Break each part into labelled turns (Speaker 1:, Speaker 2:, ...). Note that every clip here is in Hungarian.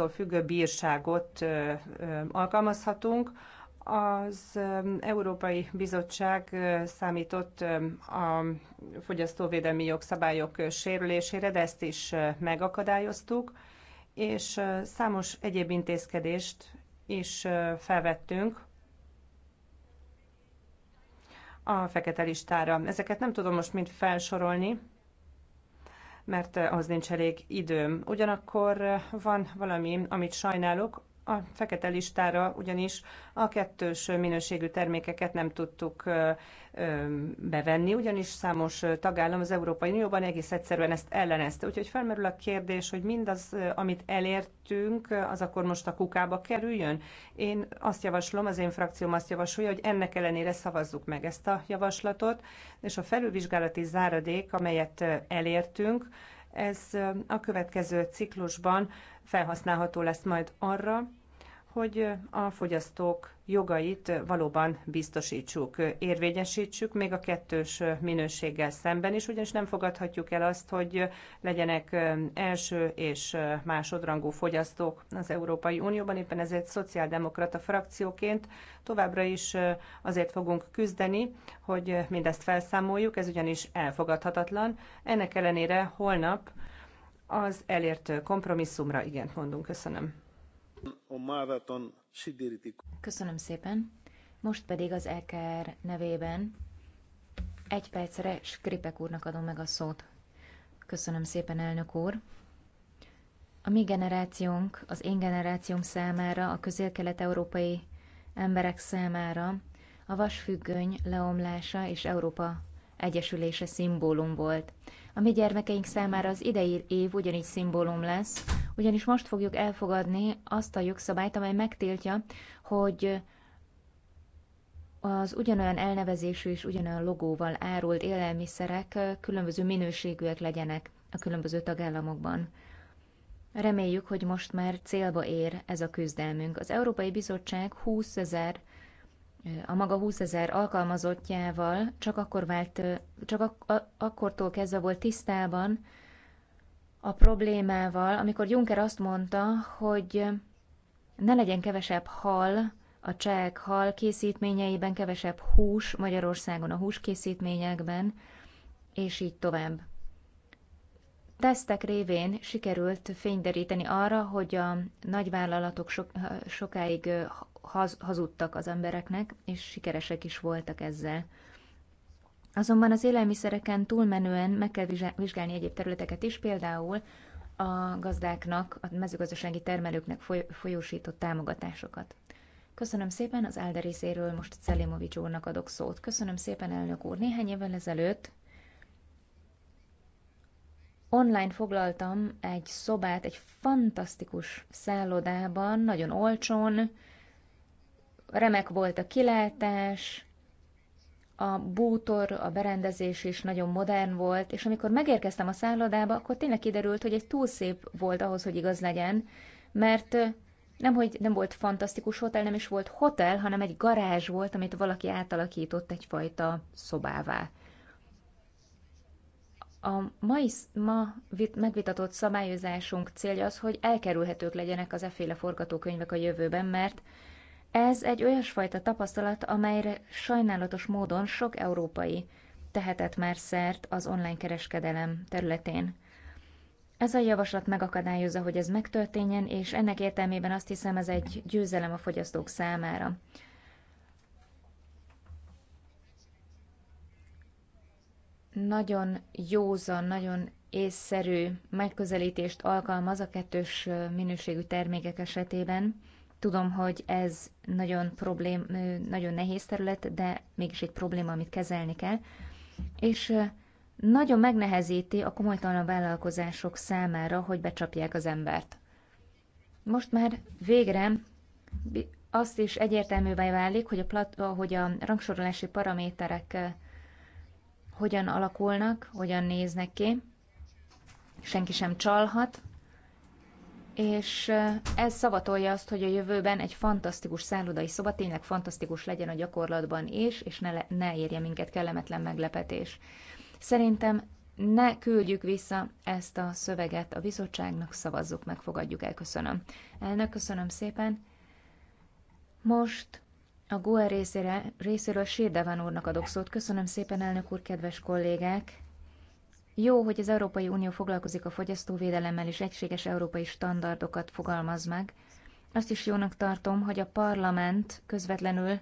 Speaker 1: attól függő bírságot alkalmazhatunk. Az Európai Bizottság számított a fogyasztóvédelmi jogszabályok sérülésére, de ezt is megakadályoztuk, és számos egyéb intézkedést is felvettünk a fekete listára. Ezeket nem tudom most mind felsorolni, mert eh, az nincs elég időm. Ugyanakkor eh, van valami, amit sajnálok, a fekete listára ugyanis a kettős minőségű termékeket nem tudtuk bevenni, ugyanis számos tagállam az Európai Unióban egész egyszerűen ezt ellenezte. Úgyhogy felmerül a kérdés, hogy mindaz, amit elértünk, az akkor most a kukába kerüljön. Én azt javaslom, az én frakcióm azt javasolja, hogy ennek ellenére szavazzuk meg ezt a javaslatot, és a felülvizsgálati záradék, amelyet elértünk, ez a következő ciklusban felhasználható lesz majd arra, hogy a fogyasztók jogait valóban biztosítsuk, érvényesítsük, még a kettős minőséggel szemben is, ugyanis nem fogadhatjuk el azt, hogy legyenek első és másodrangú fogyasztók az Európai Unióban. Éppen ezért szociáldemokrata frakcióként továbbra is azért fogunk küzdeni, hogy mindezt felszámoljuk, ez ugyanis elfogadhatatlan. Ennek ellenére holnap az elért kompromisszumra igent mondunk. Köszönöm.
Speaker 2: Köszönöm szépen. Most pedig az EKR nevében egy percre Skripek úrnak adom meg a szót. Köszönöm szépen, elnök úr. A mi generációnk, az én generációnk számára, a közél-kelet-európai emberek számára a vasfüggöny leomlása és Európa egyesülése szimbólum volt. A mi gyermekeink számára az idei év ugyanígy szimbólum lesz, ugyanis most fogjuk elfogadni azt a jogszabályt, amely megtiltja, hogy az ugyanolyan elnevezésű és ugyanolyan logóval árult élelmiszerek különböző minőségűek legyenek a különböző tagállamokban. Reméljük, hogy most már célba ér ez a küzdelmünk. Az Európai Bizottság 20 ezer, a maga 20 ezer alkalmazottjával csak, akkor vált, csak ak- akkortól kezdve volt tisztában, a problémával, amikor Juncker azt mondta, hogy ne legyen kevesebb hal, a csehek hal készítményeiben, kevesebb hús Magyarországon a hús készítményekben, és így tovább. Tesztek révén sikerült fényderíteni arra, hogy a nagyvállalatok sok, sokáig haz, hazudtak az embereknek, és sikeresek is voltak ezzel. Azonban az élelmiszereken túlmenően meg kell vizsgálni egyéb területeket is, például a gazdáknak, a mezőgazdasági termelőknek folyósított támogatásokat. Köszönöm szépen, az Álda részéről most Szelimovics úrnak adok szót. Köszönöm szépen, elnök úr. Néhány évvel ezelőtt online foglaltam egy szobát egy fantasztikus szállodában, nagyon olcsón, remek volt a kilátás, a bútor, a berendezés is nagyon modern volt, és amikor megérkeztem a szállodába, akkor tényleg kiderült, hogy egy túl szép volt ahhoz, hogy igaz legyen, mert nem, hogy nem volt fantasztikus hotel, nem is volt hotel, hanem egy garázs volt, amit valaki átalakított egyfajta szobává. A mai, ma megvitatott szabályozásunk célja az, hogy elkerülhetők legyenek az efféle forgatókönyvek a jövőben, mert ez egy olyasfajta tapasztalat, amelyre sajnálatos módon sok európai tehetett már szert az online kereskedelem területén. Ez a javaslat megakadályozza, hogy ez megtörténjen, és ennek értelmében azt hiszem ez egy győzelem a fogyasztók számára. Nagyon józan, nagyon észszerű megközelítést alkalmaz a kettős minőségű termékek esetében Tudom, hogy ez nagyon, problém, nagyon nehéz terület, de mégis egy probléma, amit kezelni kell. És nagyon megnehezíti a komolytalan vállalkozások számára, hogy becsapják az embert. Most már végre azt is egyértelművé válik, hogy a, plat, hogy a rangsorolási paraméterek hogyan alakulnak, hogyan néznek ki. Senki sem csalhat, és eh, ez szavatolja azt, hogy a jövőben egy fantasztikus szállodai szoba tényleg fantasztikus legyen a gyakorlatban is, és ne, ne érje minket kellemetlen meglepetés. Szerintem ne küldjük vissza ezt a szöveget a bizottságnak, szavazzuk meg, fogadjuk el, köszönöm. Elnök, köszönöm szépen. Most a GUE részéről Sérdevan úrnak adok szót. Köszönöm szépen, elnök úr, kedves kollégák! Jó, hogy az Európai Unió foglalkozik a fogyasztóvédelemmel és egységes európai standardokat fogalmaz meg. Azt is jónak tartom, hogy a parlament közvetlenül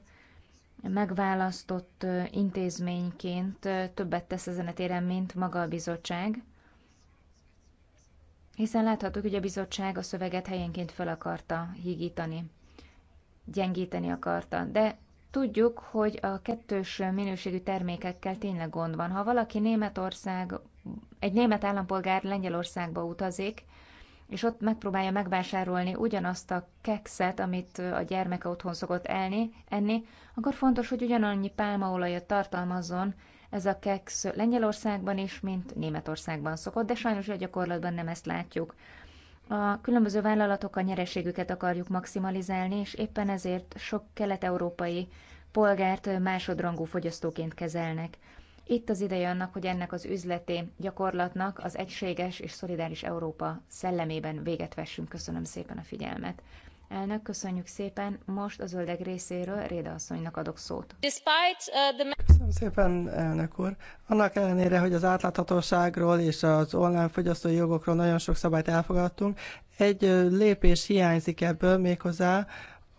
Speaker 2: megválasztott intézményként többet tesz ezen a téren, mint maga a bizottság, hiszen láthatjuk, hogy a bizottság a szöveget helyenként fel akarta hígítani, gyengíteni akarta, de Tudjuk, hogy a kettős minőségű termékekkel tényleg gond van. Ha valaki Németország, egy német állampolgár Lengyelországba utazik, és ott megpróbálja megvásárolni ugyanazt a kekszet, amit a gyermeke otthon szokott elni, enni, akkor fontos, hogy ugyanannyi pálmaolajat tartalmazzon ez a keksz Lengyelországban is, mint Németországban szokott, de sajnos a gyakorlatban nem ezt látjuk. A különböző vállalatok a nyereségüket akarjuk maximalizálni, és éppen ezért sok kelet-európai polgárt másodrangú fogyasztóként kezelnek. Itt az ideje annak, hogy ennek az üzleti gyakorlatnak az egységes és szolidáris Európa szellemében véget vessünk. Köszönöm szépen a figyelmet. Elnök, köszönjük szépen. Most a zöldek részéről Réda asszonynak adok szót.
Speaker 3: Uh, Köszönöm szépen, elnök úr. Annak ellenére, hogy az átláthatóságról és az online fogyasztói jogokról nagyon sok szabályt elfogadtunk, egy lépés hiányzik ebből méghozzá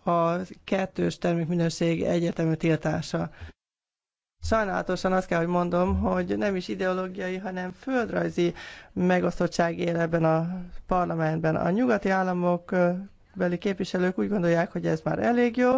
Speaker 3: a kettős termékminőség egyetemű tiltása. Sajnálatosan azt kell, hogy mondom, hogy nem is ideológiai, hanem földrajzi megosztottság él ebben a parlamentben. A nyugati államok beli képviselők úgy gondolják, hogy ez már elég jó,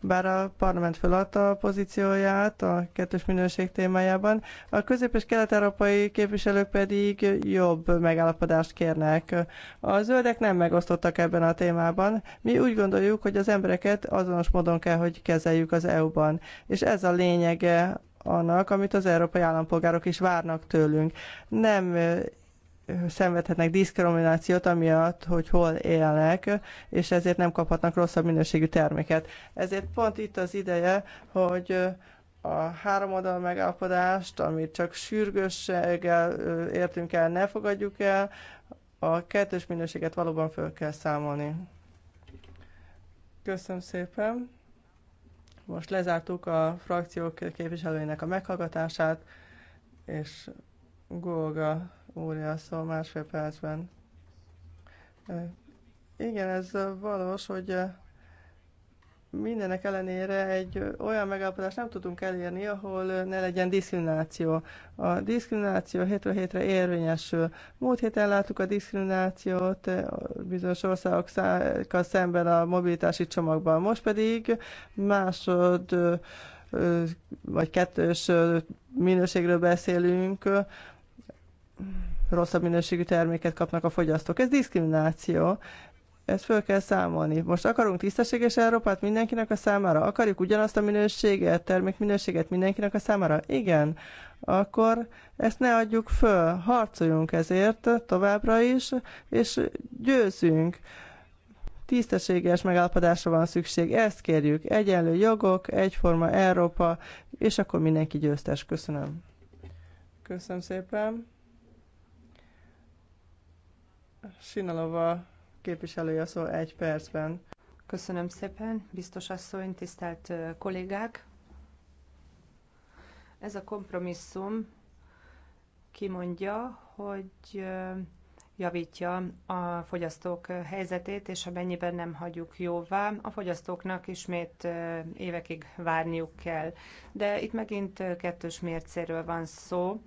Speaker 3: bár a parlament feladta a pozícióját a kettős minőség témájában, a közép- és kelet-európai képviselők pedig jobb megállapodást kérnek. A zöldek nem megosztottak ebben a témában. Mi úgy gondoljuk, hogy az embereket azonos módon kell, hogy kezeljük az EU-ban, és ez a lényege annak, amit az európai állampolgárok is várnak tőlünk. Nem szenvedhetnek diszkriminációt amiatt, hogy hol élnek, és ezért nem kaphatnak rosszabb minőségű terméket. Ezért pont itt az ideje, hogy a oldal megállapodást, amit csak sürgősséggel értünk el, ne fogadjuk el, a kettős minőséget valóban föl kell számolni. Köszönöm szépen. Most lezártuk a frakciók képviselőinek a meghallgatását, és Golga úrja szó másfél percben. Igen, ez valós, hogy mindenek ellenére egy olyan megállapodást nem tudunk elérni, ahol ne legyen diszkrimináció. A diszkrimináció hétről hétre érvényesül. Múlt héten láttuk a diszkriminációt bizonyos országokkal szemben a mobilitási csomagban. Most pedig másod vagy kettős minőségről beszélünk, rosszabb minőségű terméket kapnak a fogyasztók. Ez diszkrimináció. Ezt föl kell számolni. Most akarunk tisztességes Európát mindenkinek a számára? Akarjuk ugyanazt a minőséget, termékminőséget mindenkinek a számára? Igen. Akkor ezt ne adjuk föl. Harcoljunk ezért továbbra is, és győzünk. Tisztességes megállapodásra van szükség. Ezt kérjük. Egyenlő jogok, egyforma Európa, és akkor mindenki győztes. Köszönöm. Köszönöm szépen. Sinalova képviselője szó egy
Speaker 1: percben. Köszönöm szépen, biztos asszony, tisztelt kollégák! Ez a kompromisszum kimondja, hogy javítja a fogyasztók helyzetét, és amennyiben nem hagyjuk jóvá, a fogyasztóknak ismét évekig várniuk kell. De itt megint kettős mércéről van szó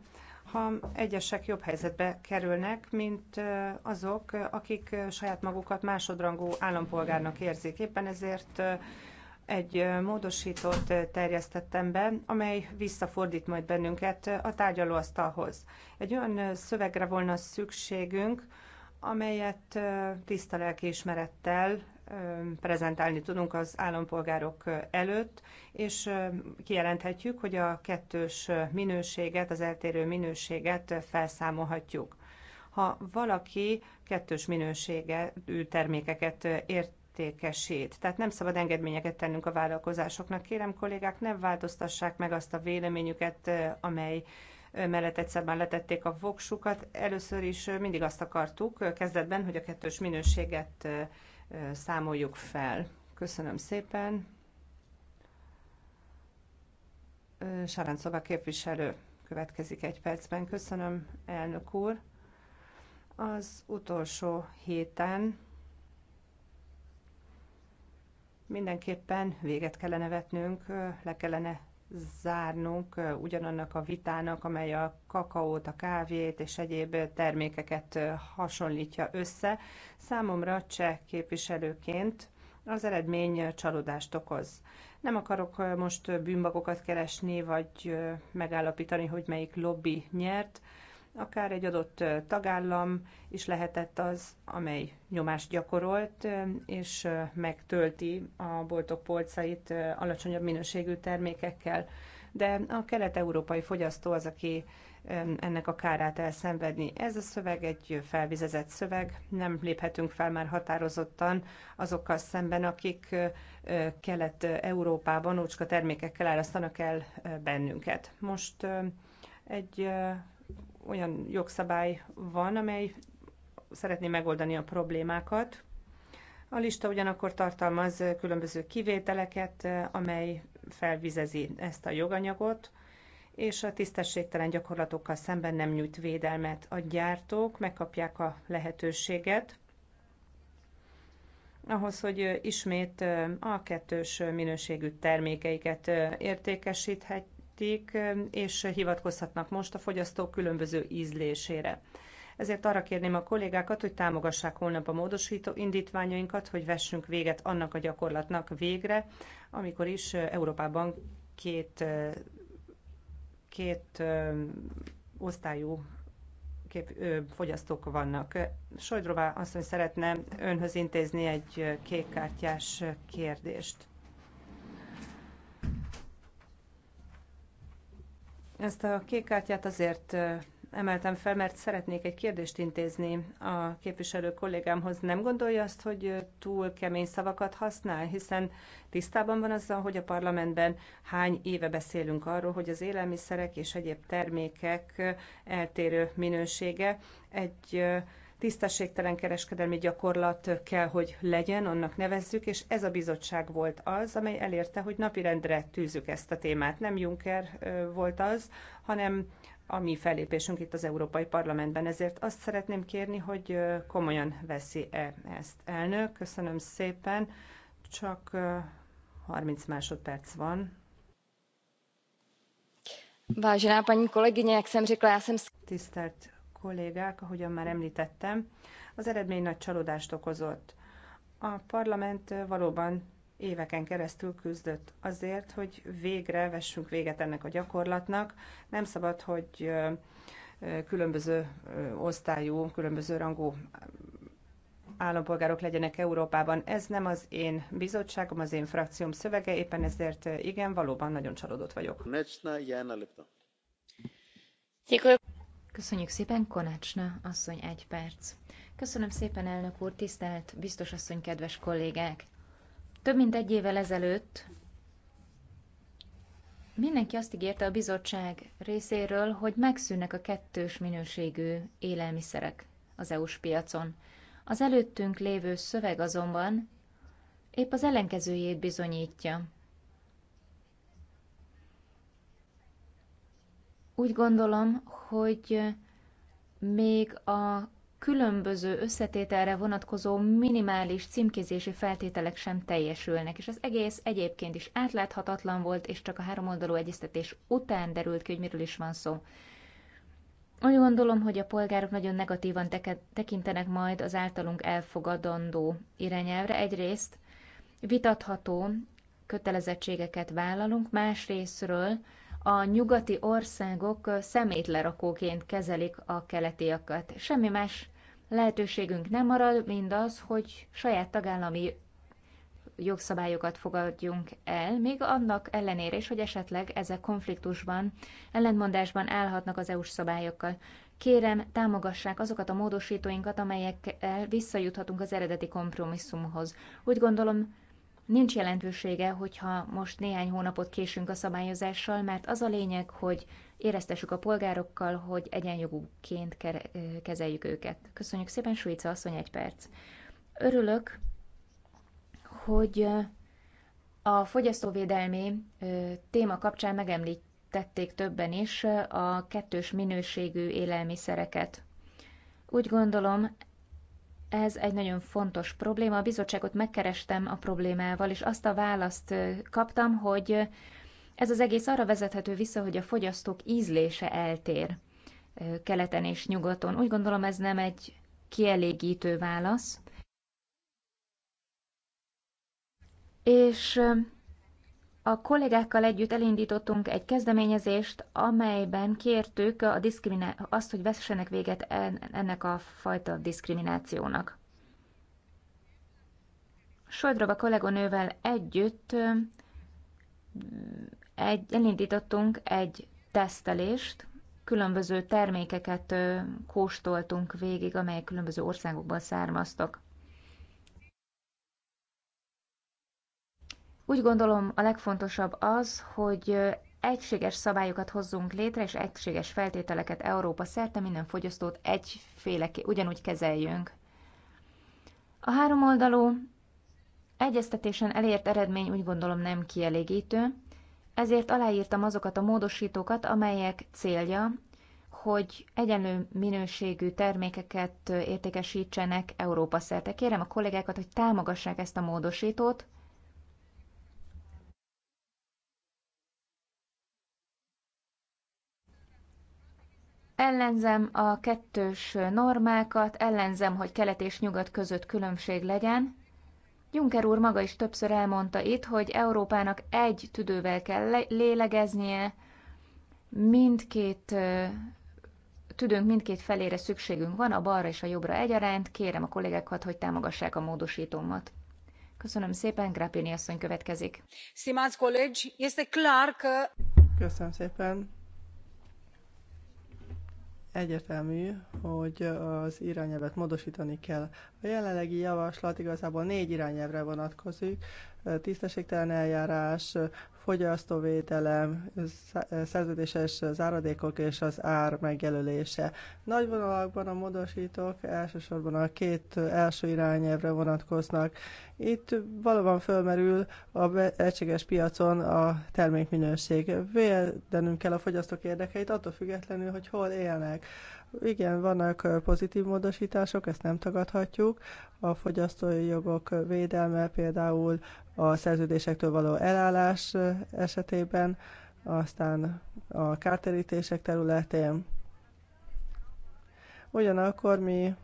Speaker 1: ha egyesek jobb helyzetbe kerülnek, mint azok, akik saját magukat másodrangú állampolgárnak érzik. Éppen ezért egy módosítót terjesztettem be, amely visszafordít majd bennünket a tárgyalóasztalhoz. Egy olyan szövegre volna szükségünk, amelyet tiszta lelkiismerettel prezentálni tudunk az állampolgárok előtt, és kijelenthetjük, hogy a kettős minőséget, az eltérő minőséget felszámolhatjuk. Ha valaki kettős minőségű termékeket ért, értékesít. Tehát nem szabad engedményeket tennünk a vállalkozásoknak. Kérem kollégák, ne változtassák meg azt a véleményüket, amely mellett egyszer már letették a voksukat. Először is mindig azt akartuk kezdetben, hogy a kettős minőséget számoljuk fel. Köszönöm szépen. Sarán Szoba képviselő következik egy percben. Köszönöm, elnök úr. Az utolsó héten mindenképpen véget kellene vetnünk, le kellene zárnunk ugyanannak a vitának, amely a kakaót, a kávét és egyéb termékeket hasonlítja össze. Számomra cseh képviselőként az eredmény csalódást okoz. Nem akarok most bűnbakokat keresni, vagy megállapítani, hogy melyik lobby nyert, akár egy adott tagállam is lehetett az, amely nyomást gyakorolt, és megtölti a boltok polcait alacsonyabb minőségű termékekkel. De a kelet-európai fogyasztó az, aki ennek a kárát elszenvedni. Ez a szöveg egy felvizezett szöveg, nem léphetünk fel már határozottan azokkal szemben, akik Kelet-Európában ócska termékekkel árasztanak el bennünket. Most egy olyan jogszabály van, amely szeretné megoldani a problémákat. A lista ugyanakkor tartalmaz különböző kivételeket, amely felvizezi ezt a joganyagot, és a tisztességtelen gyakorlatokkal szemben nem nyújt védelmet. A gyártók megkapják a lehetőséget ahhoz, hogy ismét a kettős minőségű termékeiket értékesíthet, megtehették, és hivatkozhatnak most a fogyasztók különböző ízlésére. Ezért arra kérném a kollégákat, hogy támogassák holnap a módosító indítványainkat, hogy vessünk véget annak a gyakorlatnak végre, amikor is Európában két, két osztályú kép, ö, fogyasztók vannak. Sojdrová hogy szeretne önhöz intézni egy kékkártyás kérdést. Ezt a kék kártyát azért emeltem fel, mert szeretnék egy kérdést intézni a képviselő kollégámhoz. Nem gondolja azt, hogy túl kemény szavakat használ, hiszen tisztában van azzal, hogy a parlamentben hány éve beszélünk arról, hogy az élelmiszerek és egyéb termékek eltérő minősége egy tisztességtelen kereskedelmi gyakorlat kell, hogy legyen, annak nevezzük, és ez a bizottság volt az, amely elérte, hogy napirendre tűzzük ezt a témát. Nem Juncker volt az, hanem a mi fellépésünk itt az Európai Parlamentben. Ezért azt szeretném kérni, hogy komolyan veszi-e ezt. Elnök, köszönöm szépen. Csak 30 másodperc van. Vážená paní kolegyně, jak jsem řekla, já jsem... Tisztelt kollégák, ahogyan már említettem, az eredmény nagy csalódást okozott. A parlament valóban éveken keresztül küzdött azért, hogy végre vessünk véget ennek a gyakorlatnak. Nem szabad, hogy különböző osztályú, különböző rangú állampolgárok legyenek Európában. Ez nem az én bizottságom, az én frakcióm szövege, éppen ezért igen, valóban nagyon csalódott vagyok.
Speaker 2: Mecsna, Köszönjük szépen, Konácsna asszony, egy perc. Köszönöm szépen, elnök úr, tisztelt biztos asszony, kedves kollégák. Több mint egy évvel ezelőtt mindenki azt ígérte a bizottság részéről, hogy megszűnnek a kettős minőségű élelmiszerek az EU-s piacon. Az előttünk lévő szöveg azonban épp az ellenkezőjét bizonyítja. Úgy gondolom, hogy még a különböző összetételre vonatkozó minimális címkézési feltételek sem teljesülnek, és az egész egyébként is átláthatatlan volt, és csak a háromoldalú egyeztetés után derült ki, hogy miről is van szó. Úgy gondolom, hogy a polgárok nagyon negatívan tekintenek majd az általunk elfogadandó irányelvre. Egyrészt vitatható kötelezettségeket vállalunk, másrésztről a nyugati országok szemétlerakóként kezelik a keletiakat. Semmi más lehetőségünk nem marad, mint az, hogy saját tagállami jogszabályokat fogadjunk el, még annak ellenére is, hogy esetleg ezek konfliktusban, ellentmondásban állhatnak az EU-s szabályokkal. Kérem, támogassák azokat a módosítóinkat, amelyekkel visszajuthatunk az eredeti kompromisszumhoz. Úgy gondolom, Nincs jelentősége, hogyha most néhány hónapot késünk a szabályozással, mert az a lényeg, hogy éreztessük a polgárokkal, hogy egyenjogúként kezeljük őket. Köszönjük szépen, Suica asszony, egy perc. Örülök, hogy a fogyasztóvédelmi téma kapcsán megemlítették többen is a kettős minőségű élelmiszereket. Úgy gondolom, ez egy nagyon fontos probléma. A bizottságot megkerestem a problémával, és azt a választ kaptam, hogy ez az egész arra vezethető vissza, hogy a fogyasztók ízlése eltér keleten és nyugaton. Úgy gondolom, ez nem egy kielégítő válasz. És a kollégákkal együtt elindítottunk egy kezdeményezést, amelyben kértük a diszkriminá- azt, hogy vessenek véget ennek a fajta diszkriminációnak. Sojdrova kolléganővel együtt egy, elindítottunk egy tesztelést, különböző termékeket kóstoltunk végig, amelyek különböző országokból származtak. Úgy gondolom a legfontosabb az, hogy egységes szabályokat hozzunk létre, és egységes feltételeket Európa szerte minden fogyasztót egyféle, ugyanúgy kezeljünk. A háromoldalú egyeztetésen elért eredmény úgy gondolom nem kielégítő, ezért aláírtam azokat a módosítókat, amelyek célja, hogy egyenlő minőségű termékeket értékesítsenek Európa szerte. Kérem a kollégákat, hogy támogassák ezt a módosítót, Ellenzem a kettős normákat, ellenzem, hogy kelet és nyugat között különbség legyen. Juncker úr maga is többször elmondta itt, hogy Európának egy tüdővel kell lélegeznie, mindkét tüdőnk mindkét felére szükségünk van, a balra és a jobbra egyaránt. Kérem a kollégákat, hogy támogassák a módosítómat. Köszönöm szépen, Grappini asszony következik.
Speaker 4: Stimați colegi, este clar că...
Speaker 3: Köszönöm szépen, Egyetemű, hogy az irányelvet módosítani kell. A jelenlegi javaslat igazából négy irányelvre vonatkozik, tisztességtelen eljárás, fogyasztóvédelem, szerződéses záradékok és az ár megjelölése. Nagy vonalakban a módosítók elsősorban a két első irányelvre vonatkoznak. Itt valóban fölmerül a egységes piacon a termékminőség. Védenünk kell a fogyasztók érdekeit attól függetlenül, hogy hol élnek. Igen, vannak pozitív módosítások, ezt nem tagadhatjuk. A fogyasztói jogok védelme például a szerződésektől való elállás esetében, aztán a kárterítések területén. Ugyanakkor mi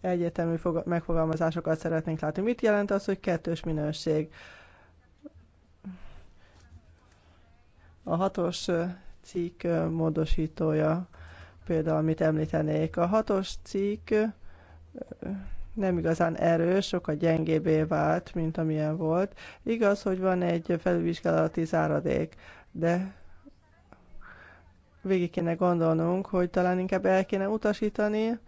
Speaker 3: egyetemű megfogalmazásokat szeretnénk látni. Mit jelent az, hogy kettős minőség? A hatos cikk módosítója, például amit említenék. A hatos cikk nem igazán erős, sokkal gyengébbé vált, mint amilyen volt. Igaz, hogy van egy felülvizsgálati záradék, de végig kéne gondolnunk, hogy talán inkább el kéne utasítani,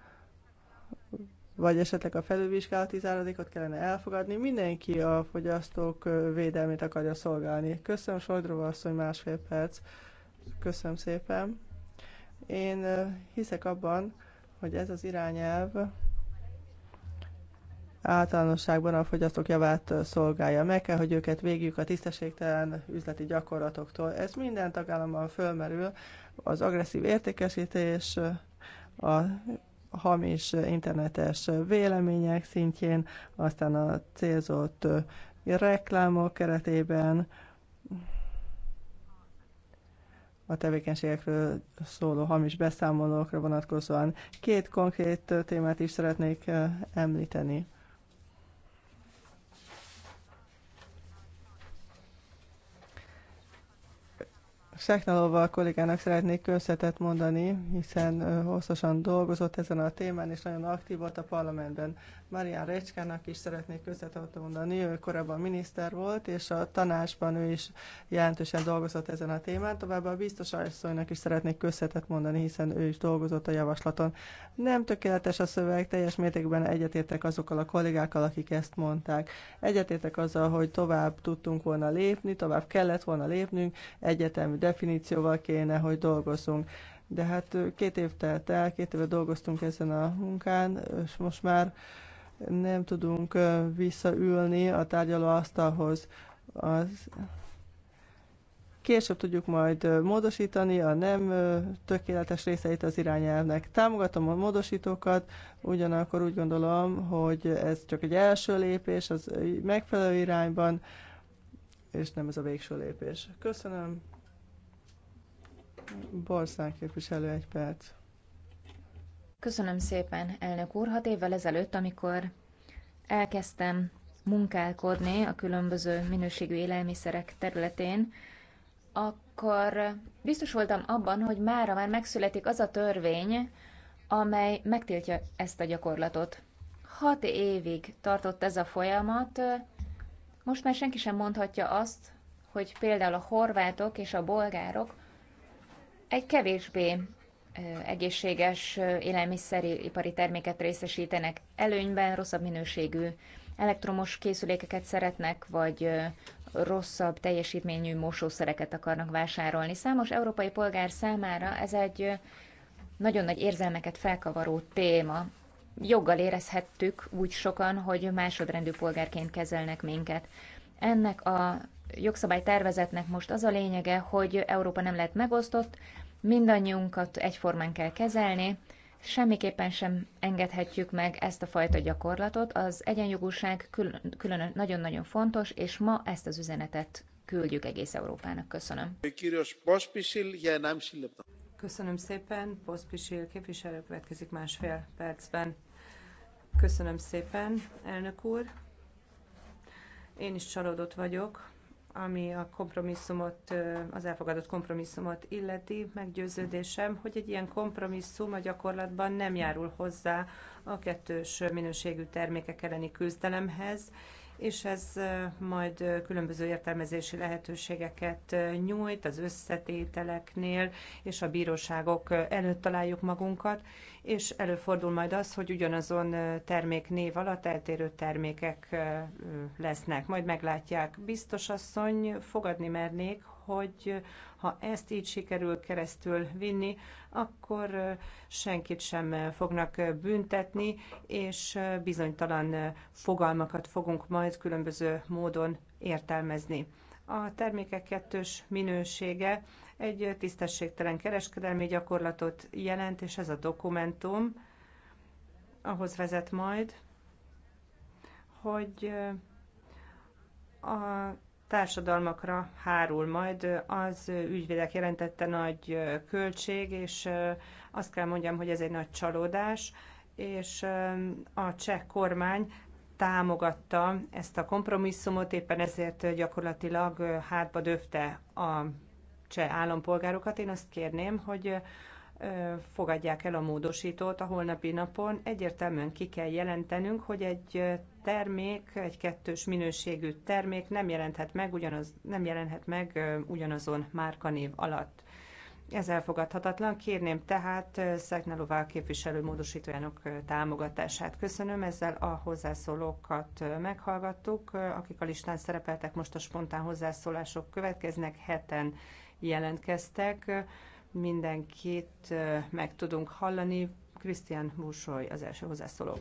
Speaker 3: vagy esetleg a felülvizsgálati záradékot kellene elfogadni. Mindenki a fogyasztók védelmét akarja szolgálni. Köszönöm, Sordrova asszony, másfél perc. Köszönöm szépen. Én hiszek abban, hogy ez az irányelv általánosságban a fogyasztók javát szolgálja. Meg kell, hogy őket végjük a tisztességtelen üzleti gyakorlatoktól. Ez minden tagállamban fölmerül, az agresszív értékesítés, a hamis internetes vélemények szintjén, aztán a célzott reklámok keretében, a tevékenységekről szóló hamis beszámolókra vonatkozóan. Két konkrét témát is szeretnék eh, említeni. Seknalóval kollégának szeretnék köszönetet mondani, hiszen eh, hosszasan dolgozott ezen a témán, és nagyon aktív volt a parlamentben. Marian Recskának is szeretnék köszönetet mondani, ő korábban miniszter volt, és a tanácsban ő is jelentősen dolgozott ezen a témán. Továbbá a biztos asszonynak is szeretnék köszönetet mondani, hiszen ő is dolgozott a javaslaton. Nem tökéletes a szöveg, teljes mértékben egyetértek azokkal a kollégákkal, akik ezt mondták. Egyetértek azzal, hogy tovább tudtunk volna lépni, tovább kellett volna lépnünk, egyetemű definícióval kéne, hogy dolgozunk de hát két év telt el, két éve dolgoztunk ezen a munkán, és most már nem tudunk visszaülni a tárgyalóasztalhoz. Az később tudjuk majd módosítani a nem tökéletes részeit az irányelvnek. Támogatom a módosítókat, ugyanakkor úgy gondolom, hogy ez csak egy első lépés az megfelelő irányban, és nem ez a végső lépés. Köszönöm. Borszán képviselő egy perc.
Speaker 2: Köszönöm szépen, elnök úr. Hat évvel ezelőtt, amikor elkezdtem munkálkodni a különböző minőségű élelmiszerek területén, akkor biztos voltam abban, hogy mára már megszületik az a törvény, amely megtiltja ezt a gyakorlatot. Hat évig tartott ez a folyamat, most már senki sem mondhatja azt, hogy például a horvátok és a bolgárok egy kevésbé egészséges élelmiszeripari terméket részesítenek előnyben, rosszabb minőségű elektromos készülékeket szeretnek, vagy rosszabb teljesítményű mosószereket akarnak vásárolni. Számos európai polgár számára ez egy nagyon nagy érzelmeket felkavaró téma. Joggal érezhettük úgy sokan, hogy másodrendű polgárként kezelnek minket. Ennek a jogszabálytervezetnek most az a lényege, hogy Európa nem lett megosztott, mindannyiunkat egyformán kell kezelni, semmiképpen sem engedhetjük meg ezt a fajta gyakorlatot. Az egyenjogúság külön, külön, nagyon-nagyon fontos, és ma ezt az üzenetet küldjük egész Európának. Köszönöm.
Speaker 1: Köszönöm szépen. Poszpisil képviselő következik másfél percben. Köszönöm szépen, elnök úr. Én is csalódott vagyok, ami a kompromisszumot, az elfogadott kompromisszumot illeti, meggyőződésem, hogy egy ilyen kompromisszum a gyakorlatban nem járul hozzá a kettős minőségű termékek elleni küzdelemhez, és ez majd különböző értelmezési lehetőségeket nyújt az összetételeknél, és a bíróságok előtt találjuk magunkat, és előfordul majd az, hogy ugyanazon termék név alatt eltérő termékek lesznek. Majd meglátják. Biztos asszony, fogadni mernék, hogy ha ezt így sikerül keresztül vinni, akkor senkit sem fognak büntetni, és bizonytalan fogalmakat fogunk majd különböző módon értelmezni. A termékek kettős minősége egy tisztességtelen kereskedelmi gyakorlatot jelent, és ez a dokumentum ahhoz vezet majd, hogy a társadalmakra hárul majd. Az ügyvédek jelentette nagy költség, és azt kell mondjam, hogy ez egy nagy csalódás, és a cseh kormány támogatta ezt a kompromisszumot, éppen ezért gyakorlatilag hátba döfte a cseh állampolgárokat. Én azt kérném, hogy fogadják el a módosítót a holnapi napon. Egyértelműen ki kell jelentenünk, hogy egy termék, egy kettős minőségű termék nem jelenthet meg, ugyanaz, nem jelenhet meg ugyanazon márkanév alatt. Ez elfogadhatatlan. Kérném tehát Szegnalová képviselő módosítójának támogatását. Köszönöm, ezzel a hozzászólókat meghallgattuk, akik a listán szerepeltek, most a spontán hozzászólások következnek, heten jelentkeztek mindenkit meg tudunk hallani. Krisztián Búsoly az első hozzászóló.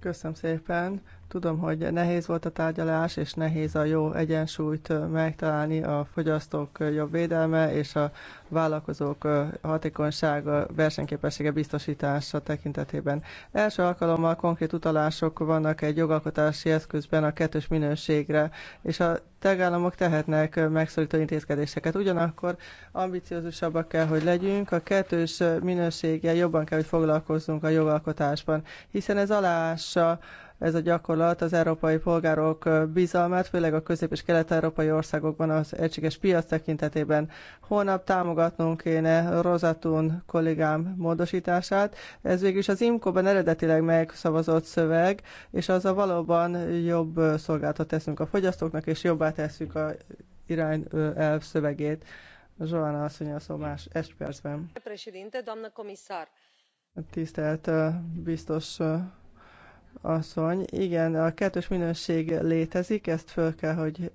Speaker 3: Köszönöm szépen. Tudom, hogy nehéz volt a tárgyalás, és nehéz a jó egyensúlyt megtalálni a fogyasztók jobb védelme és a vállalkozók hatékonysága, versenyképessége biztosítása tekintetében. Első alkalommal konkrét utalások vannak egy jogalkotási eszközben a kettős minőségre, és a tagállamok tehetnek megszorító intézkedéseket. Ugyanakkor ambiciózusabbak kell, hogy legyünk, a kettős minőséggel jobban kell, hogy foglalkozzunk a jogalkotásban, hiszen ez aláássa ez a gyakorlat az európai polgárok bizalmát, főleg a közép- és kelet-európai országokban az egységes piac tekintetében. Holnap támogatnunk kéne Rosatun kollégám módosítását. Ez is az IMCO-ban eredetileg megszavazott szöveg, és az a valóban jobb szolgáltat teszünk a fogyasztóknak, és jobbá tesszük a irány elv szövegét. Zsolana asszony a szó más egy percben. Tisztelt biztos asszony. Igen, a kettős minőség létezik, ezt föl kell, hogy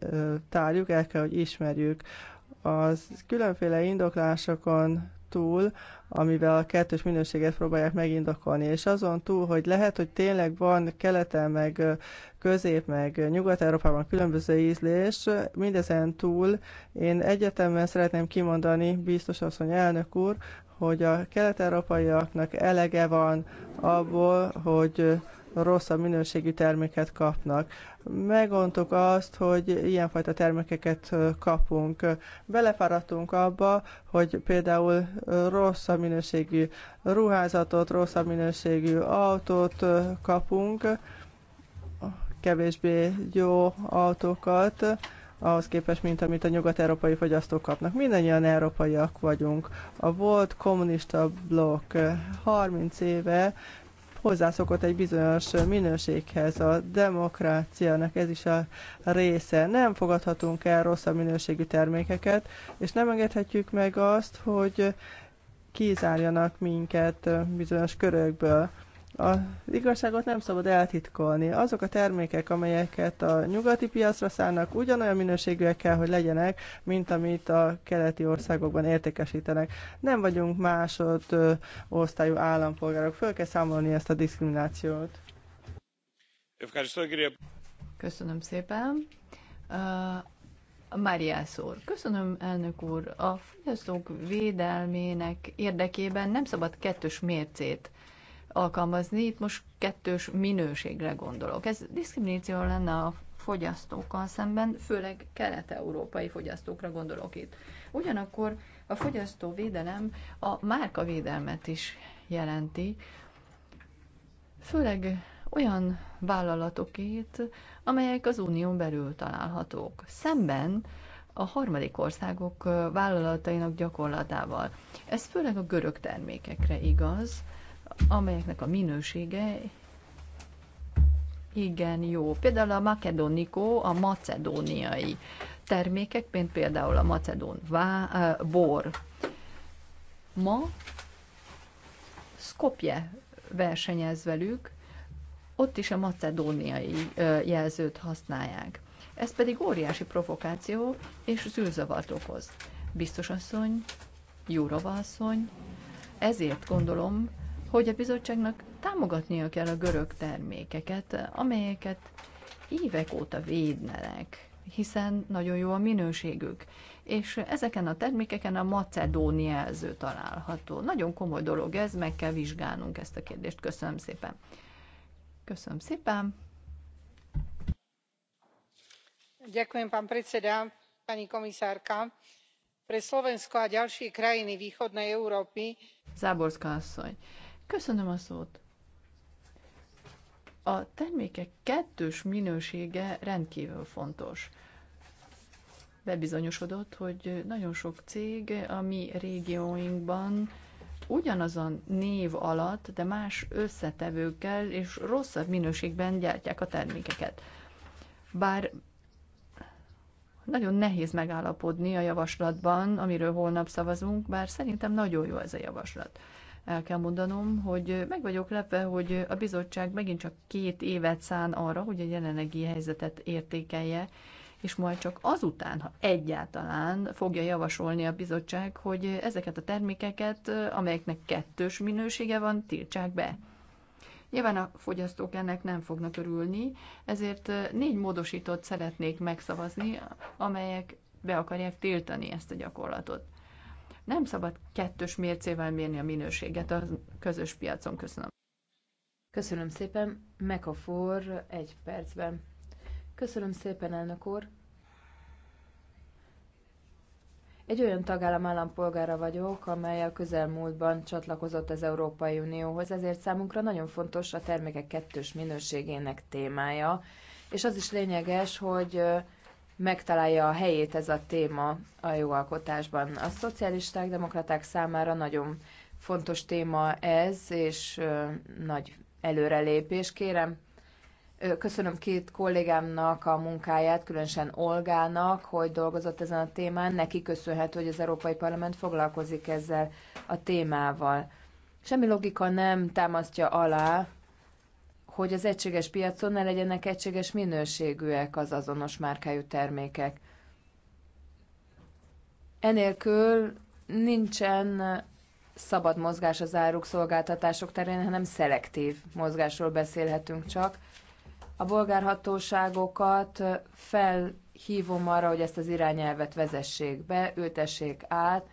Speaker 3: tárjuk, el kell, hogy ismerjük. Az különféle indoklásokon túl, amivel a kettős minőséget próbálják megindokolni, és azon túl, hogy lehet, hogy tényleg van keleten, meg közép, meg nyugat-európában különböző ízlés, mindezen túl én egyetemben szeretném kimondani, biztos asszony elnök úr, hogy a kelet-európaiaknak elege van abból, hogy rosszabb minőségű terméket kapnak. Megontok azt, hogy ilyenfajta termékeket kapunk. Belefáradtunk abba, hogy például rosszabb minőségű ruházatot, rosszabb minőségű autót kapunk, kevésbé jó autókat, ahhoz képest, mint amit a nyugat-európai fogyasztók kapnak. Mindennyian európaiak vagyunk. A volt kommunista blokk 30 éve hozzászokott egy bizonyos minőséghez. A demokráciának ez is a része. Nem fogadhatunk el rosszabb minőségű termékeket, és nem engedhetjük meg azt, hogy kizárjanak minket bizonyos körökből. Az igazságot nem szabad eltitkolni. Azok a termékek, amelyeket a nyugati piacra szállnak, ugyanolyan minőségűek kell, hogy legyenek, mint amit a keleti országokban értékesítenek. Nem vagyunk másod osztályú állampolgárok. Föl kell számolni ezt a diszkriminációt. Köszönöm szépen. Máriász
Speaker 5: úr. Köszönöm, elnök úr. A fogyasztók védelmének érdekében nem szabad kettős mércét alkalmazni. Itt most kettős minőségre gondolok. Ez diszkrimináció lenne a fogyasztókkal szemben, főleg kelet-európai fogyasztókra gondolok itt. Ugyanakkor a fogyasztóvédelem a márkavédelmet is jelenti, főleg olyan vállalatokét, amelyek az unión belül találhatók. Szemben a harmadik országok vállalatainak gyakorlatával. Ez főleg a görög termékekre igaz, amelyeknek a minősége igen jó. Például a makedonikó, a macedóniai termékek, mint például a macedón vá, bor. Ma Skopje versenyez velük, ott is a macedóniai jelzőt használják. Ez pedig óriási provokáció és zűrzavart okoz. Biztos asszony, Jurova asszony, ezért gondolom, hogy a bizottságnak támogatnia kell a görög termékeket, amelyeket évek óta védnelek, hiszen nagyon jó a minőségük. És ezeken a termékeken a macedón jelző található. Nagyon komoly dolog ez, meg kell vizsgálnunk ezt a kérdést. Köszönöm szépen. Köszönöm szépen.
Speaker 1: Ďakujem, pán predseda, pani komisárka. Pre Slovensko a ďalšie krajiny východnej Európy...
Speaker 5: Záborská asszony. Köszönöm a szót. A termékek kettős minősége rendkívül fontos. Bebizonyosodott, hogy nagyon sok cég a mi régióinkban a név alatt, de más összetevőkkel és rosszabb minőségben gyártják a termékeket. Bár nagyon nehéz megállapodni a javaslatban, amiről holnap szavazunk, bár szerintem nagyon jó ez a javaslat el kell mondanom, hogy meg vagyok lepve, hogy a bizottság megint csak két évet szán arra, hogy a jelenlegi helyzetet értékelje, és majd csak azután, ha egyáltalán fogja javasolni a bizottság, hogy ezeket a termékeket, amelyeknek kettős minősége van, tiltsák be. Nyilván a fogyasztók ennek nem fognak örülni, ezért négy módosítót szeretnék megszavazni, amelyek be akarják tiltani ezt a gyakorlatot. Nem szabad kettős mércével mérni a minőséget
Speaker 6: a közös piacon. Köszönöm. Köszönöm szépen. Mekafor egy percben. Köszönöm szépen, elnök úr. Egy olyan tagállam állampolgára vagyok, amely a közelmúltban csatlakozott az Európai Unióhoz, ezért számunkra nagyon fontos a termékek kettős minőségének témája, és az is lényeges, hogy megtalálja a helyét ez a téma a jogalkotásban. A szocialisták, demokraták számára nagyon fontos téma ez, és nagy előrelépés. Kérem, köszönöm két kollégámnak a munkáját, különösen Olgának, hogy dolgozott ezen a témán. Neki köszönhető, hogy az Európai Parlament foglalkozik ezzel a témával. Semmi logika nem támasztja alá hogy az egységes piacon ne legyenek egységes minőségűek az azonos márkájú termékek. Enélkül nincsen szabad mozgás az áruk szolgáltatások terén, hanem szelektív mozgásról beszélhetünk csak. A bolgár hatóságokat felhívom arra, hogy ezt az irányelvet vezessék be, ültessék át.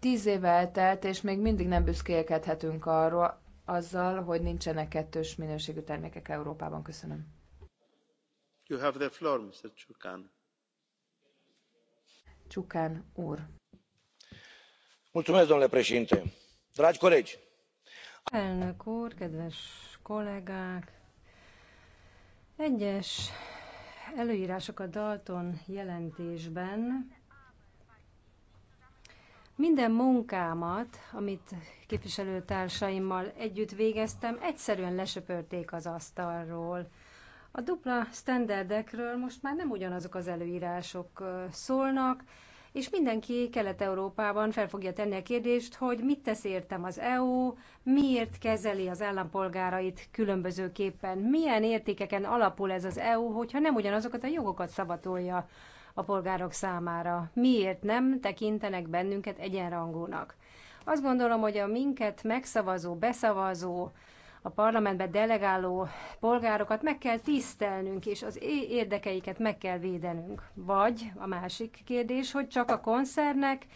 Speaker 6: Tíz éve eltelt, és még mindig nem büszkélkedhetünk arról, azzal, hogy nincsenek kettős minőségű termékek Európában. Köszönöm.
Speaker 4: You have the floor, Mr. Csukán. Csukán úr. Mulțumesc, domnule președinte. Dragi colegi! Elnök úr, kedves kollégák! Egyes előírások a Dalton jelentésben minden munkámat, amit képviselőtársaimmal együtt végeztem, egyszerűen lesöpörték az asztalról. A dupla standardekről most már nem ugyanazok az előírások szólnak, és mindenki Kelet-Európában fel fogja tenni a kérdést, hogy mit tesz értem az EU, miért kezeli az állampolgárait különbözőképpen, milyen értékeken alapul ez az EU, hogyha nem ugyanazokat a jogokat szavatolja a polgárok számára. Miért nem tekintenek bennünket egyenrangúnak? Azt gondolom, hogy a minket megszavazó, beszavazó, a parlamentbe delegáló polgárokat meg kell tisztelnünk, és az érdekeiket meg kell védenünk. Vagy a másik kérdés, hogy csak a koncernek,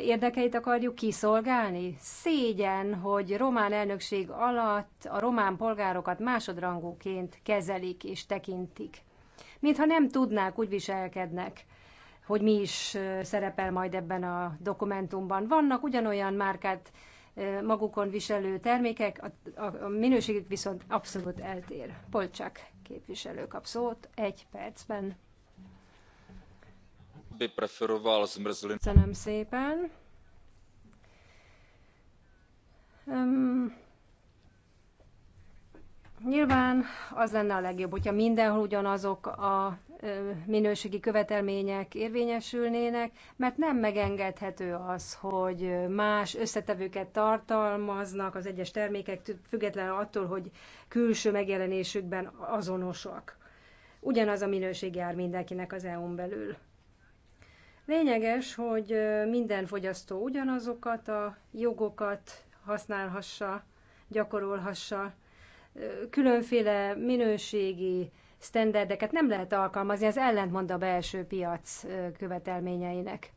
Speaker 4: érdekeit akarjuk kiszolgálni? Szégyen, hogy román elnökség alatt a román polgárokat másodrangúként kezelik és tekintik mintha nem tudnák, úgy viselkednek hogy mi is szerepel majd ebben a dokumentumban. Vannak ugyanolyan márkát magukon viselő termékek, a, a, minőségük viszont abszolút eltér. Polcsak képviselő kap szót egy percben. Köszönöm szépen. Um, Nyilván az lenne a legjobb, hogyha mindenhol ugyanazok a minőségi követelmények érvényesülnének, mert nem megengedhető az, hogy más összetevőket tartalmaznak az egyes termékek, függetlenül attól, hogy külső megjelenésükben azonosak. Ugyanaz a minőség jár mindenkinek az EU-n belül. Lényeges, hogy minden fogyasztó ugyanazokat a jogokat használhassa, gyakorolhassa, különféle minőségi sztenderdeket nem lehet alkalmazni, ez ellentmond a belső piac követelményeinek.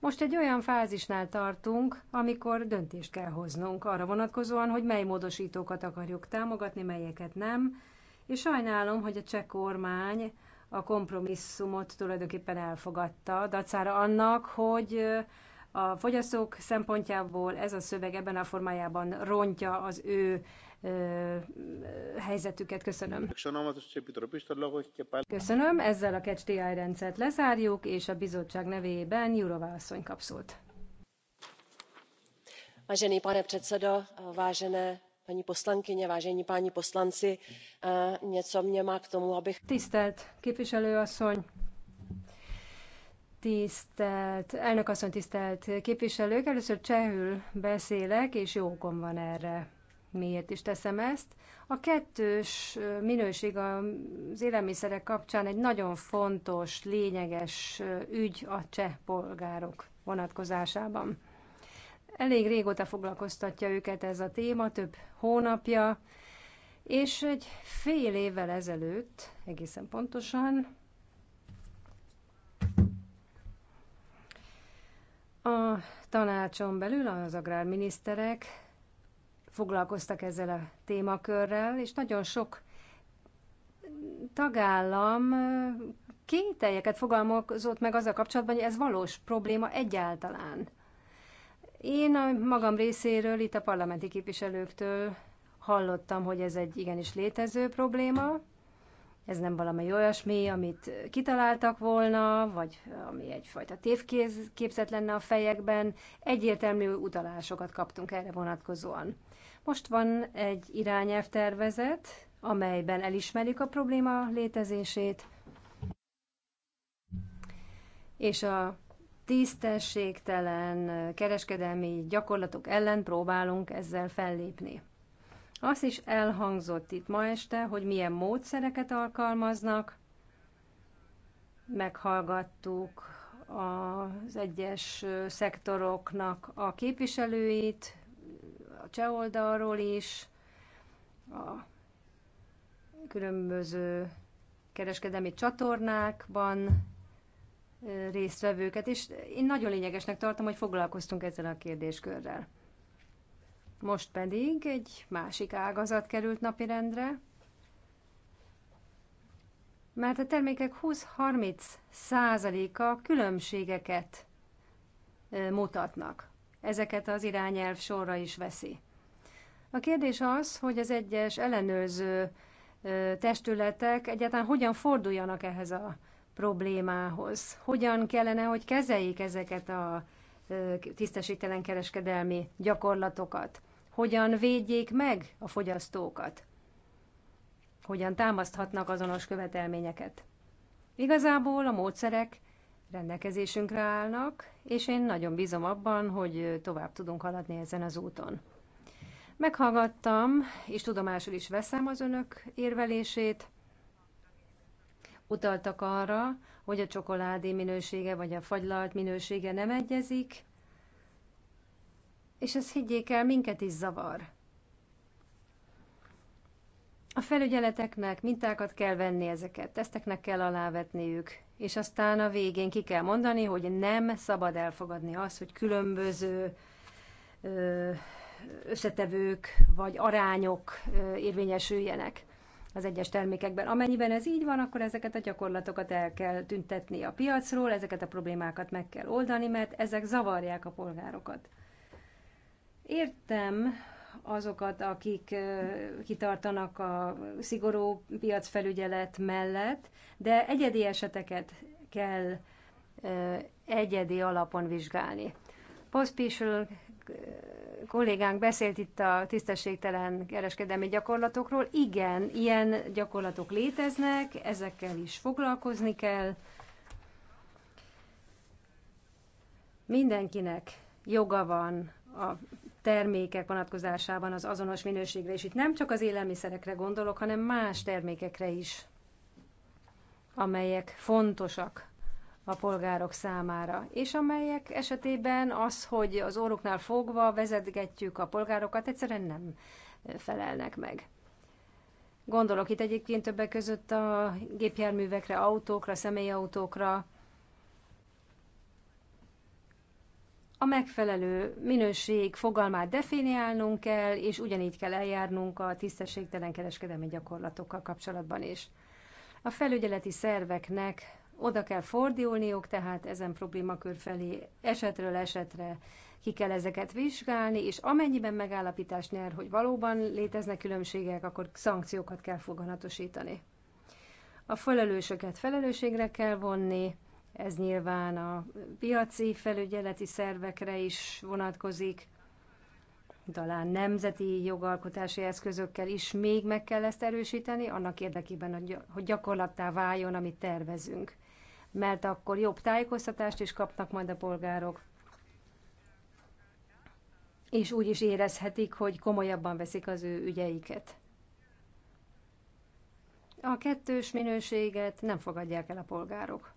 Speaker 4: Most egy olyan fázisnál tartunk, amikor döntést kell hoznunk arra vonatkozóan, hogy mely módosítókat akarjuk támogatni, melyeket nem, és sajnálom, hogy a cseh kormány a kompromisszumot tulajdonképpen elfogadta, dacára annak, hogy a fogyasztók szempontjából ez a szöveg ebben a formájában rontja az ő helyzetüket. Köszönöm. Köszönöm, ezzel a KCTI rendszert lezárjuk, és a bizottság nevében Jurová asszony kap szót. Vážený pane předsedo, vážené paní poslankyně, vážení páni poslanci, e, něco mě má k tomu, abych... Tisztelt képviselőasszony, Tisztelt elnök asszony, tisztelt képviselők! Először csehül beszélek, és jókom van erre miért is teszem ezt. A kettős minőség az élelmiszerek kapcsán egy nagyon fontos, lényeges ügy a cseh polgárok vonatkozásában. Elég régóta foglalkoztatja őket ez a téma, több hónapja, és egy fél évvel ezelőtt, egészen pontosan, a tanácson belül az agrárminiszterek foglalkoztak ezzel a témakörrel, és nagyon sok tagállam kételjeket fogalmazott meg azzal kapcsolatban, hogy ez valós probléma egyáltalán. Én a magam részéről, itt a parlamenti képviselőktől hallottam, hogy ez egy igenis létező probléma, ez nem valami olyasmi, amit kitaláltak volna, vagy ami egyfajta tévképzet lenne a fejekben. Egyértelmű utalásokat kaptunk erre vonatkozóan. Most van egy irányelvtervezet, amelyben elismerik a probléma létezését, és a tisztességtelen kereskedelmi gyakorlatok ellen próbálunk ezzel fellépni. Az is elhangzott itt ma este, hogy milyen módszereket alkalmaznak. Meghallgattuk az egyes szektoroknak a képviselőit, a cseh oldalról is, a különböző kereskedelmi csatornákban résztvevőket, és én nagyon lényegesnek tartom, hogy foglalkoztunk ezzel a kérdéskörrel. Most pedig egy másik ágazat került napirendre, mert a termékek 20-30 százaléka különbségeket mutatnak ezeket az irányelv sorra is veszi. A kérdés az, hogy az egyes ellenőrző testületek egyáltalán hogyan forduljanak ehhez a problémához, hogyan kellene, hogy kezeljék ezeket a tisztességtelen kereskedelmi gyakorlatokat, hogyan védjék meg a fogyasztókat, hogyan támaszthatnak azonos követelményeket. Igazából a módszerek rendelkezésünkre állnak, és én nagyon bízom abban, hogy tovább tudunk haladni ezen az úton. Meghallgattam, és tudomásul is veszem az önök érvelését. Utaltak arra, hogy a csokoládé minősége vagy a fagylalt minősége nem egyezik, és ez higgyék el, minket is zavar. A felügyeleteknek mintákat kell venni ezeket, teszteknek kell alávetniük, és aztán a végén ki kell mondani, hogy nem szabad elfogadni azt, hogy különböző összetevők vagy arányok érvényesüljenek az egyes termékekben. Amennyiben ez így van, akkor ezeket a gyakorlatokat el kell tüntetni a piacról, ezeket a problémákat meg kell oldani, mert ezek zavarják a polgárokat. Értem, azokat, akik kitartanak a szigorú piacfelügyelet mellett, de egyedi eseteket kell egyedi alapon vizsgálni. Pospisul kollégánk beszélt itt a tisztességtelen kereskedelmi gyakorlatokról. Igen, ilyen gyakorlatok léteznek, ezekkel is foglalkozni kell. Mindenkinek joga van a termékek vonatkozásában az azonos minőségre, és itt nem csak az élelmiszerekre gondolok, hanem más termékekre is, amelyek fontosak a polgárok számára, és amelyek esetében az, hogy az óruknál fogva vezetgetjük a polgárokat, egyszerűen nem felelnek meg. Gondolok itt egyébként többek között a gépjárművekre, autókra, személyautókra, megfelelő minőség fogalmát definiálnunk kell, és ugyanígy kell eljárnunk a tisztességtelen kereskedelmi gyakorlatokkal kapcsolatban is. A felügyeleti szerveknek oda kell fordulniuk, tehát ezen problémakör felé esetről esetre ki kell ezeket vizsgálni, és amennyiben megállapítás nyer, hogy valóban léteznek különbségek, akkor szankciókat kell foganatosítani. A felelősöket felelősségre kell vonni, ez nyilván a piaci felügyeleti szervekre is vonatkozik, talán nemzeti jogalkotási eszközökkel is még meg kell ezt erősíteni, annak érdekében, hogy gyakorlattá váljon, amit tervezünk. Mert akkor jobb tájékoztatást is kapnak majd a polgárok, és úgy is érezhetik, hogy komolyabban veszik az ő ügyeiket. A kettős minőséget nem fogadják el a polgárok.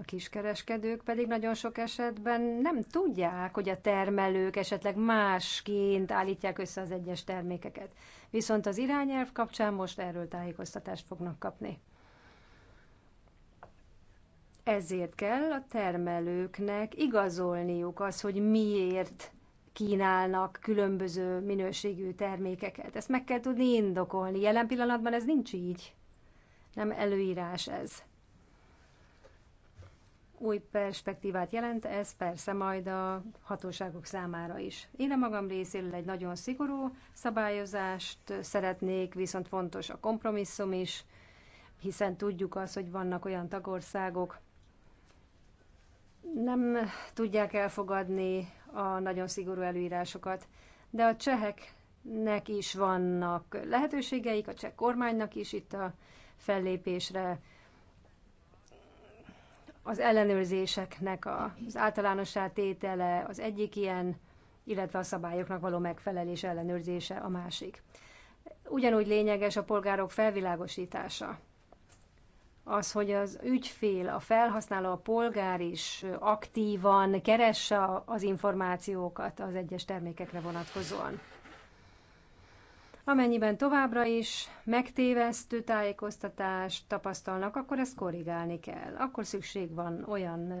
Speaker 4: A kiskereskedők pedig nagyon sok esetben nem tudják, hogy a termelők esetleg másként állítják össze az egyes termékeket. Viszont az irányelv kapcsán most erről tájékoztatást fognak kapni. Ezért kell a termelőknek igazolniuk az, hogy miért kínálnak különböző minőségű termékeket. Ezt meg kell tudni indokolni. Jelen pillanatban ez nincs így. Nem előírás ez új perspektívát jelent, ez persze majd a hatóságok számára is. Én a magam részéről egy nagyon szigorú szabályozást szeretnék, viszont fontos a kompromisszum is, hiszen tudjuk azt, hogy vannak olyan tagországok, nem tudják elfogadni a nagyon szigorú előírásokat, de a cseheknek is vannak lehetőségeik, a cseh kormánynak is itt a fellépésre, az ellenőrzéseknek az általánossá tétele az egyik ilyen, illetve a szabályoknak való megfelelés ellenőrzése a másik. Ugyanúgy lényeges a polgárok felvilágosítása. Az, hogy az ügyfél, a felhasználó, a polgár is aktívan keresse az információkat az egyes termékekre vonatkozóan. Amennyiben továbbra is megtévesztő tájékoztatást tapasztalnak, akkor ezt korrigálni kell. Akkor szükség van olyan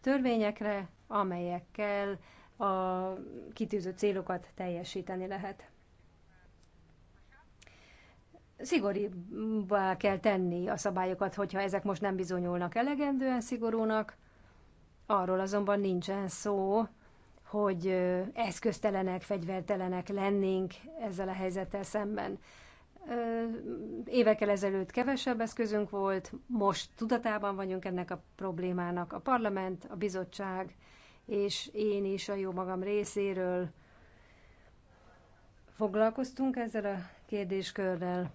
Speaker 4: törvényekre, amelyekkel a kitűzött célokat teljesíteni lehet. Szigorúbbá kell tenni a szabályokat, hogyha ezek most nem bizonyulnak elegendően szigorúnak, arról azonban nincsen szó, hogy eszköztelenek, fegyvertelenek lennénk ezzel a helyzettel szemben. Évekkel ezelőtt kevesebb eszközünk volt, most tudatában vagyunk ennek a problémának. A parlament, a bizottság és én is a jó magam részéről foglalkoztunk ezzel a kérdéskörrel.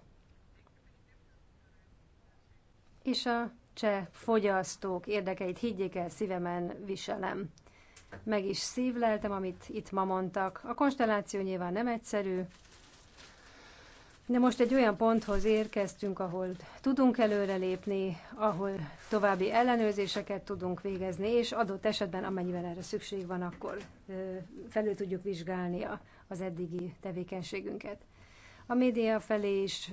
Speaker 4: És a cseh fogyasztók érdekeit higgyék el, szívemen viselem meg is szívleltem, amit itt ma mondtak. A konstelláció nyilván nem egyszerű, de most egy olyan ponthoz érkeztünk, ahol tudunk előrelépni, ahol további ellenőrzéseket tudunk végezni, és adott esetben, amennyiben erre szükség van, akkor felül tudjuk vizsgálni az eddigi tevékenységünket. A média felé is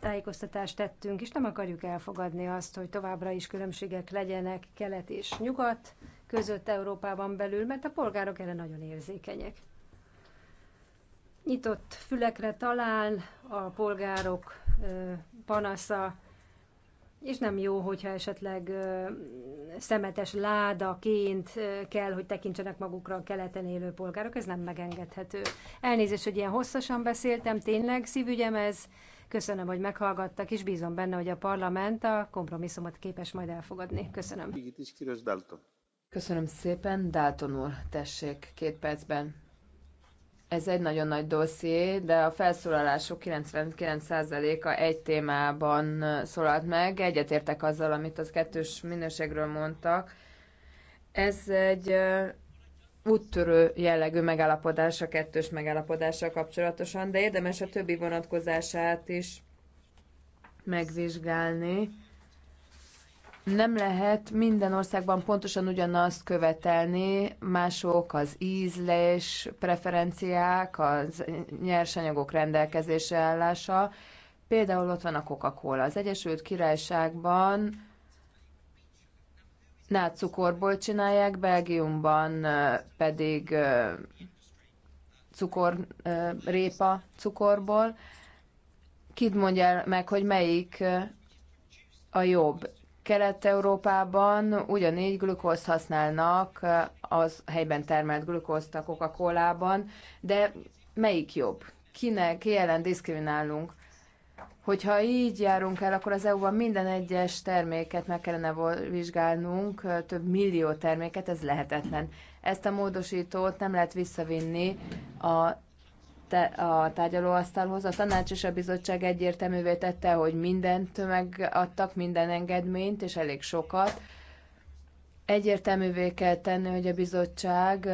Speaker 4: tájékoztatást tettünk, és nem akarjuk elfogadni azt, hogy továbbra is különbségek legyenek kelet és nyugat, között Európában belül, mert a polgárok erre nagyon érzékenyek. Nyitott fülekre talál a polgárok panasza, és nem jó, hogyha esetleg szemetes ládaként kell, hogy tekintsenek magukra a keleten élő polgárok, ez nem megengedhető. Elnézést, hogy ilyen hosszasan beszéltem, tényleg szívügyem ez. Köszönöm, hogy meghallgattak, és bízom benne, hogy a parlament a kompromisszumot képes majd elfogadni. Köszönöm. Köszönöm szépen, Dalton úr, tessék, két percben.
Speaker 6: Ez egy nagyon nagy dosszié, de a felszólalások 99%-a egy témában szólalt meg. Egyetértek azzal, amit az kettős minőségről mondtak. Ez egy úttörő jellegű megállapodás a kettős megállapodással kapcsolatosan, de érdemes a többi vonatkozását is megvizsgálni nem lehet minden országban pontosan ugyanazt követelni, mások az ízlés, preferenciák, az nyersanyagok rendelkezése állása. Például ott van a Coca-Cola. Az Egyesült Királyságban nácukorból csinálják, Belgiumban pedig cukor, répa cukorból. Kid mondja meg, hogy melyik a jobb. Kelet-Európában ugyanígy glükózt használnak az helyben termelt glükózt a coca de melyik jobb? Kinek, jelen diszkriminálunk? Hogyha így járunk el, akkor az EU-ban minden egyes terméket meg kellene vizsgálnunk, több millió terméket, ez lehetetlen. Ezt a módosítót nem lehet visszavinni a a tárgyalóasztalhoz. A tanács és a bizottság egyértelművé tette, hogy mindent adtak, minden engedményt, és elég sokat. Egyértelművé kell tenni, hogy a bizottság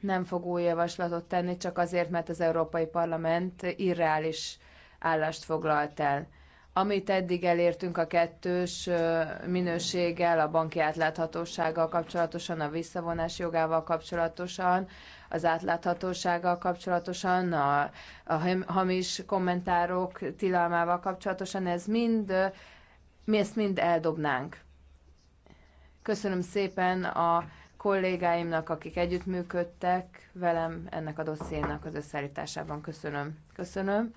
Speaker 6: nem fog új javaslatot tenni, csak azért, mert az Európai Parlament irreális állást foglalt el. Amit eddig elértünk a kettős minőséggel, a banki átláthatósággal kapcsolatosan, a visszavonás jogával kapcsolatosan, az átláthatósággal kapcsolatosan, a, a hamis kommentárok tilalmával kapcsolatosan, ez mind, mi ezt mind eldobnánk. Köszönöm szépen a kollégáimnak, akik együttműködtek velem ennek a dossziénak az összeállításában. Köszönöm. Köszönöm.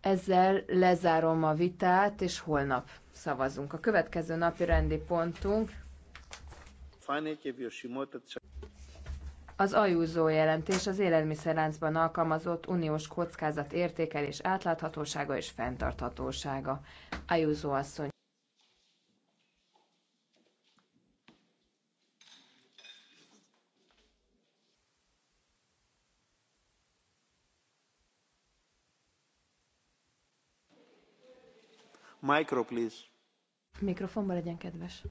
Speaker 6: Ezzel lezárom a vitát, és holnap szavazunk. A következő napi rendi pontunk az Ajúzó jelentés az élelmiszerláncban alkalmazott uniós kockázat értékelés átláthatósága és fenntarthatósága. Ajúzó asszony. Micro, please. Mikrofonba legyen kedves.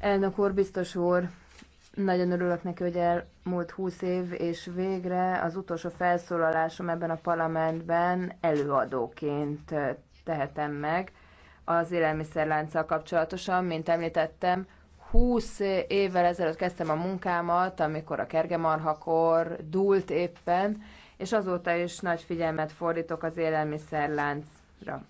Speaker 6: Elnök úr, biztos úr, nagyon örülök neki, hogy elmúlt húsz év, és végre az utolsó felszólalásom ebben a parlamentben előadóként tehetem meg az élelmiszerlánccal kapcsolatosan, mint említettem, 20 évvel ezelőtt kezdtem a munkámat, amikor a kergemarhakor dúlt éppen, és azóta is nagy figyelmet fordítok az élelmiszerláncra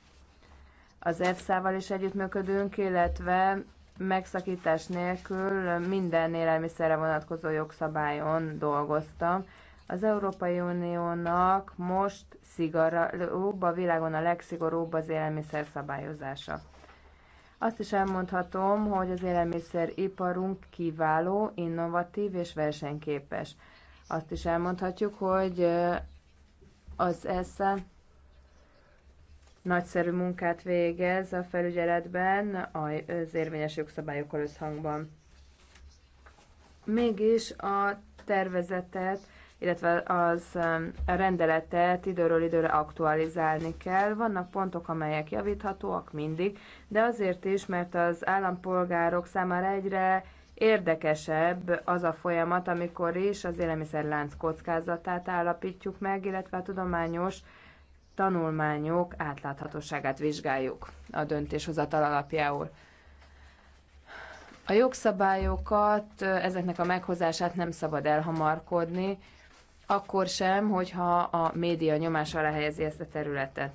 Speaker 6: az EFSA-val is együttműködünk, illetve megszakítás nélkül minden élelmiszerre vonatkozó jogszabályon dolgoztam. Az Európai Uniónak most szigorúbb, a világon a legszigorúbb az élelmiszer szabályozása. Azt is elmondhatom, hogy az élelmiszeriparunk kiváló, innovatív és versenyképes. Azt is elmondhatjuk, hogy az ESZA nagyszerű munkát végez a felügyeletben az érvényes jogszabályokkal összhangban. Mégis a tervezetet, illetve az um, a rendeletet időről időre aktualizálni kell. Vannak pontok, amelyek javíthatóak mindig, de azért is, mert az állampolgárok számára egyre érdekesebb az a folyamat, amikor is az élelmiszerlánc kockázatát állapítjuk meg, illetve a tudományos tanulmányok átláthatóságát vizsgáljuk a döntéshozatal alapjául. A jogszabályokat, ezeknek a meghozását nem szabad elhamarkodni, akkor sem, hogyha a média nyomás alá helyezi ezt a területet.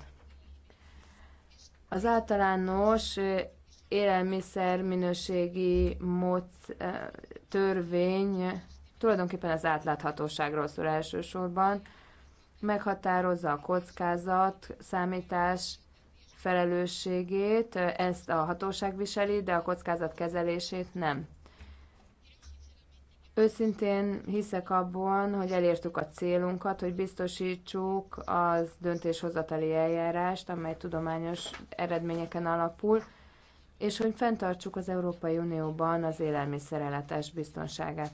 Speaker 6: Az általános élelmiszerminőségi mód eh, törvény tulajdonképpen az átláthatóságról szól elsősorban, meghatározza a kockázat számítás felelősségét, ezt a hatóság viseli, de a kockázat kezelését nem. Őszintén hiszek abban, hogy elértük a célunkat, hogy biztosítsuk az döntéshozatali eljárást, amely tudományos eredményeken alapul, és hogy fenntartsuk az Európai Unióban az élelmiszerellátás biztonságát.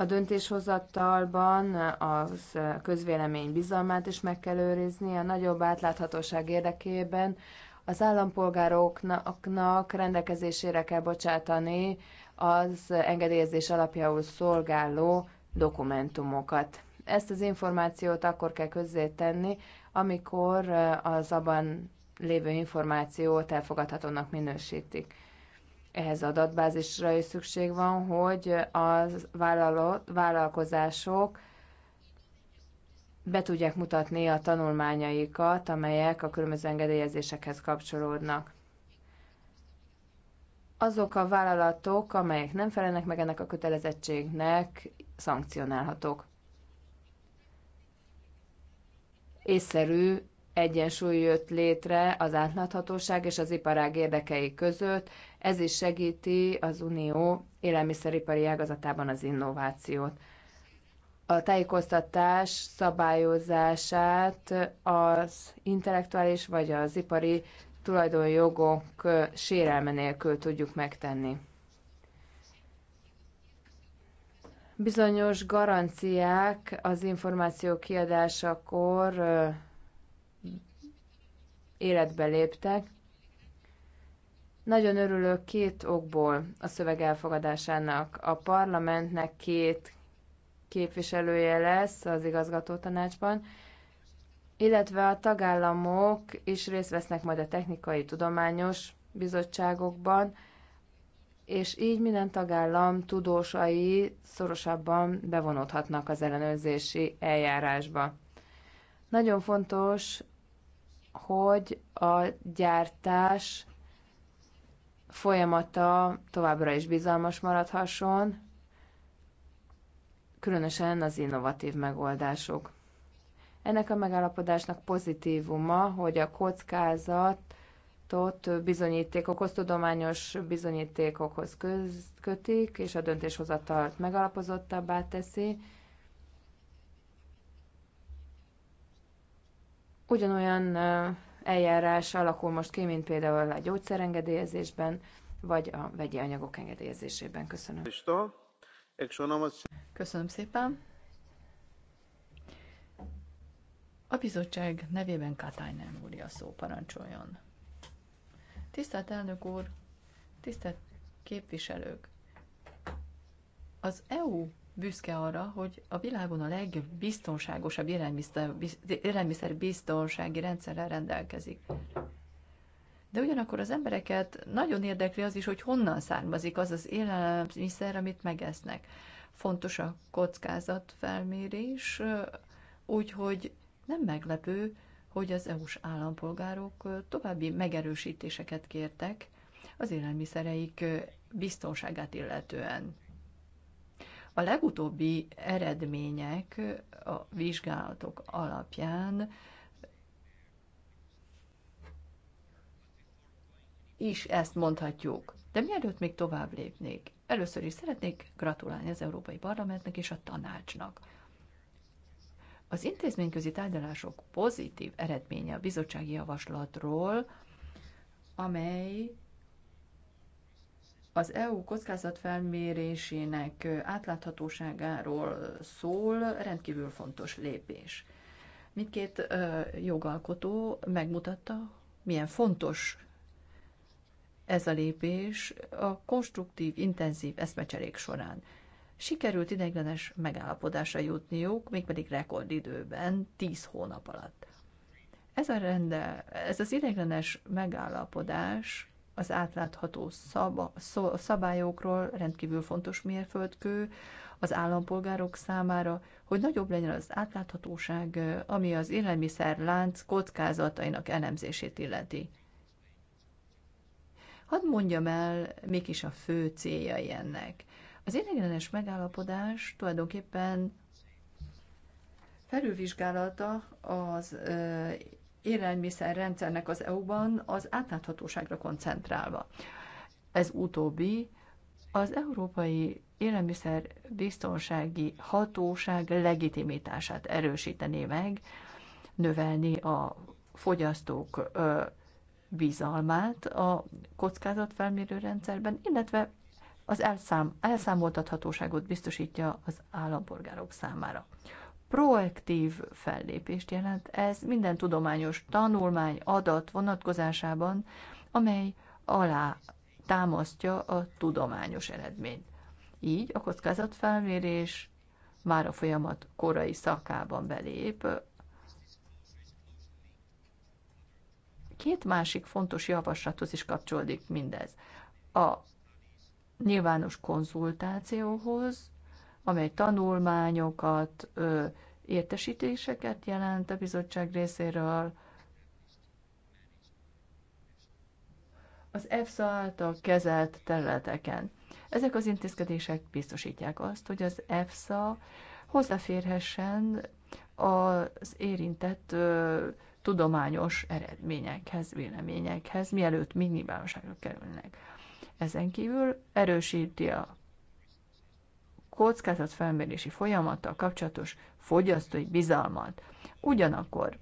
Speaker 6: A döntéshozatalban az közvélemény bizalmát is meg kell őrizni, a nagyobb átláthatóság érdekében az állampolgároknak rendelkezésére kell bocsátani az engedélyezés alapjául szolgáló dokumentumokat. Ezt az információt akkor kell közzétenni, amikor az abban lévő információt elfogadhatónak minősítik ehhez adatbázisra is szükség van, hogy a vállalkozások be tudják mutatni a tanulmányaikat, amelyek a különböző engedélyezésekhez kapcsolódnak. Azok a vállalatok, amelyek nem felelnek meg ennek a kötelezettségnek, szankcionálhatók. Észszerű egyensúly jött létre az átláthatóság és az iparág érdekei között, ez is segíti az Unió élelmiszeripari ágazatában az innovációt. A tájékoztatás szabályozását az intellektuális vagy az ipari tulajdonjogok sérelme nélkül tudjuk megtenni. Bizonyos garanciák az információ kiadásakor életbe léptek, nagyon örülök két okból a szöveg elfogadásának. A parlamentnek két képviselője lesz az igazgató tanácsban, illetve a tagállamok is részt vesznek majd a technikai tudományos bizottságokban, és így minden tagállam tudósai szorosabban bevonódhatnak az ellenőrzési eljárásba. Nagyon fontos, hogy a gyártás folyamata továbbra is bizalmas maradhasson, különösen az innovatív megoldások. Ennek a megállapodásnak pozitívuma, hogy a kockázatot bizonyítékokhoz, tudományos bizonyítékokhoz kötik, és a döntéshozatalt megalapozottabbá teszi. Ugyanolyan eljárás alakul most ki, mint például a gyógyszerengedélyezésben, vagy a vegyi anyagok engedélyezésében. Köszönöm. Köszönöm szépen.
Speaker 5: A bizottság nevében Katájnán úr a szó parancsoljon. Tisztelt elnök úr, tisztelt képviselők! Az EU büszke arra, hogy a világon a legbiztonságosabb élelmiszer, biztonsági rendszerrel rendelkezik. De ugyanakkor az embereket nagyon érdekli az is, hogy honnan származik az az élelmiszer, amit megesznek. Fontos a kockázatfelmérés, úgyhogy nem meglepő, hogy az EU-s állampolgárok további megerősítéseket kértek az élelmiszereik biztonságát illetően. A legutóbbi eredmények a vizsgálatok alapján is ezt mondhatjuk. De mielőtt még tovább lépnék, először is szeretnék gratulálni az Európai Parlamentnek és a tanácsnak. Az intézményközi tárgyalások pozitív eredménye a bizottsági javaslatról, amely az EU kockázatfelmérésének átláthatóságáról szól, rendkívül fontos lépés. Mindkét jogalkotó megmutatta, milyen fontos ez a lépés a konstruktív, intenzív eszmecserék során. Sikerült ideiglenes megállapodásra jutniuk, mégpedig rekordidőben, 10 hónap alatt. Ez, a rende, ez az ideiglenes megállapodás az átlátható szaba, szabályokról rendkívül fontos mérföldkő az állampolgárok számára, hogy nagyobb legyen az átláthatóság, ami az élelmiszer lánc kockázatainak elemzését illeti. Hadd mondjam el, mik is a fő céljai ennek. Az ideiglenes megállapodás tulajdonképpen felülvizsgálata az élelmiszerrendszernek az EU-ban az átláthatóságra koncentrálva. Ez utóbbi az Európai Élelmiszer Biztonsági Hatóság legitimitását erősítené meg, növelni a fogyasztók bizalmát a kockázatfelmérő rendszerben, illetve az elszám, elszámoltathatóságot biztosítja az állampolgárok számára proaktív fellépést jelent ez minden tudományos tanulmány, adat vonatkozásában, amely alá támasztja a tudományos eredményt. Így a kockázatfelmérés már a folyamat korai szakában belép. Két másik fontos javaslathoz is kapcsolódik mindez. A nyilvános konzultációhoz, amely tanulmányokat, értesítéseket jelent a bizottság részéről. Az EFSA által kezelt területeken. Ezek az intézkedések biztosítják azt, hogy az EFSA hozzáférhessen az érintett ö, tudományos eredményekhez, véleményekhez, mielőtt még nyilvánosságra kerülnek. Ezen kívül erősíti a kockázatfelmérési folyamattal kapcsolatos fogyasztói bizalmat. Ugyanakkor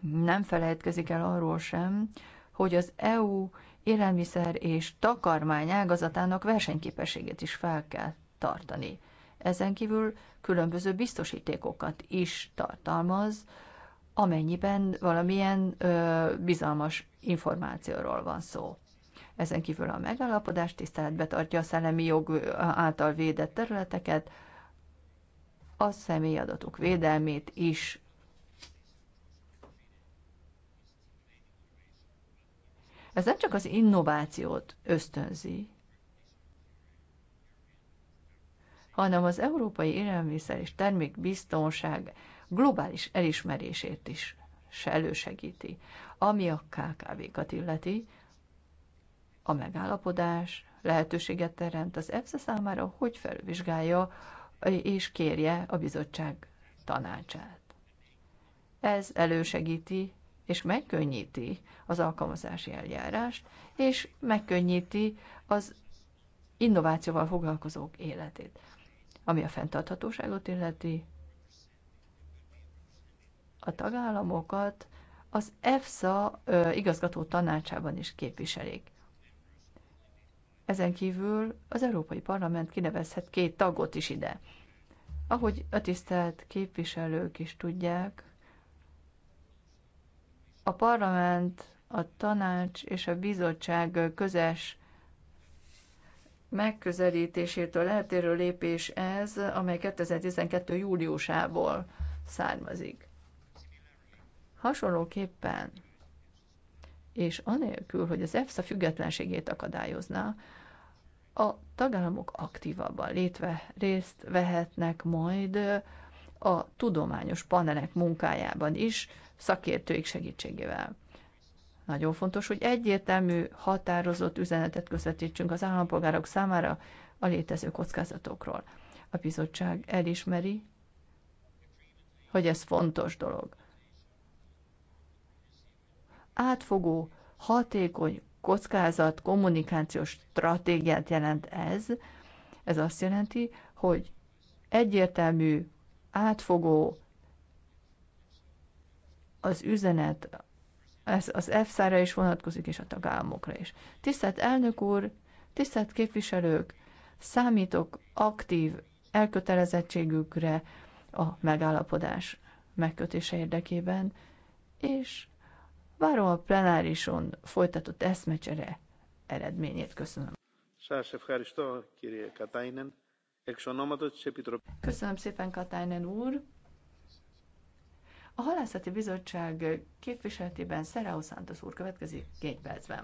Speaker 5: nem felejtkezik el arról sem, hogy az EU élelmiszer és takarmány ágazatának versenyképességét is fel kell tartani. Ezen kívül különböző biztosítékokat is tartalmaz, amennyiben valamilyen ö, bizalmas információról van szó. Ezen kívül a megállapodás tiszteletbe tartja a szellemi jog által védett területeket, a személyadatok védelmét is. Ez nem csak az innovációt ösztönzi, hanem az európai élelmiszer és termékbiztonság globális elismerését is elősegíti, ami a KKV-kat illeti, a megállapodás lehetőséget teremt az EFSA számára, hogy felvizsgálja és kérje a bizottság tanácsát. Ez elősegíti és megkönnyíti az alkalmazási eljárást, és megkönnyíti az innovációval foglalkozók életét. Ami a fenntarthatóságot illeti, a tagállamokat az EFSA igazgató tanácsában is képviselik. Ezen kívül az Európai Parlament kinevezhet két tagot is ide. Ahogy a tisztelt képviselők is tudják, a parlament, a tanács és a bizottság közes megközelítésétől eltérő lépés ez, amely 2012. júliusából származik. Hasonlóképpen, és anélkül, hogy az EFSA függetlenségét akadályozná, a tagállamok aktívabban létve részt vehetnek majd a tudományos panelek munkájában is, szakértőik segítségével. Nagyon fontos, hogy egyértelmű, határozott üzenetet közvetítsünk az állampolgárok számára a létező kockázatokról. A bizottság elismeri, hogy ez fontos dolog. Átfogó, hatékony, kockázat kommunikációs stratégiát jelent ez. Ez azt jelenti, hogy egyértelmű, átfogó az üzenet, ez az f szára is vonatkozik, és a tagállamokra is. Tisztelt elnök úr, tisztelt képviselők, számítok aktív elkötelezettségükre a megállapodás megkötése érdekében, és Várom a plenárison folytatott eszmecsere eredményét. Köszönöm. Köszönöm szépen, Katainen úr. A Halászati Bizottság képviseletében Szeráó Szántos úr következik két percben.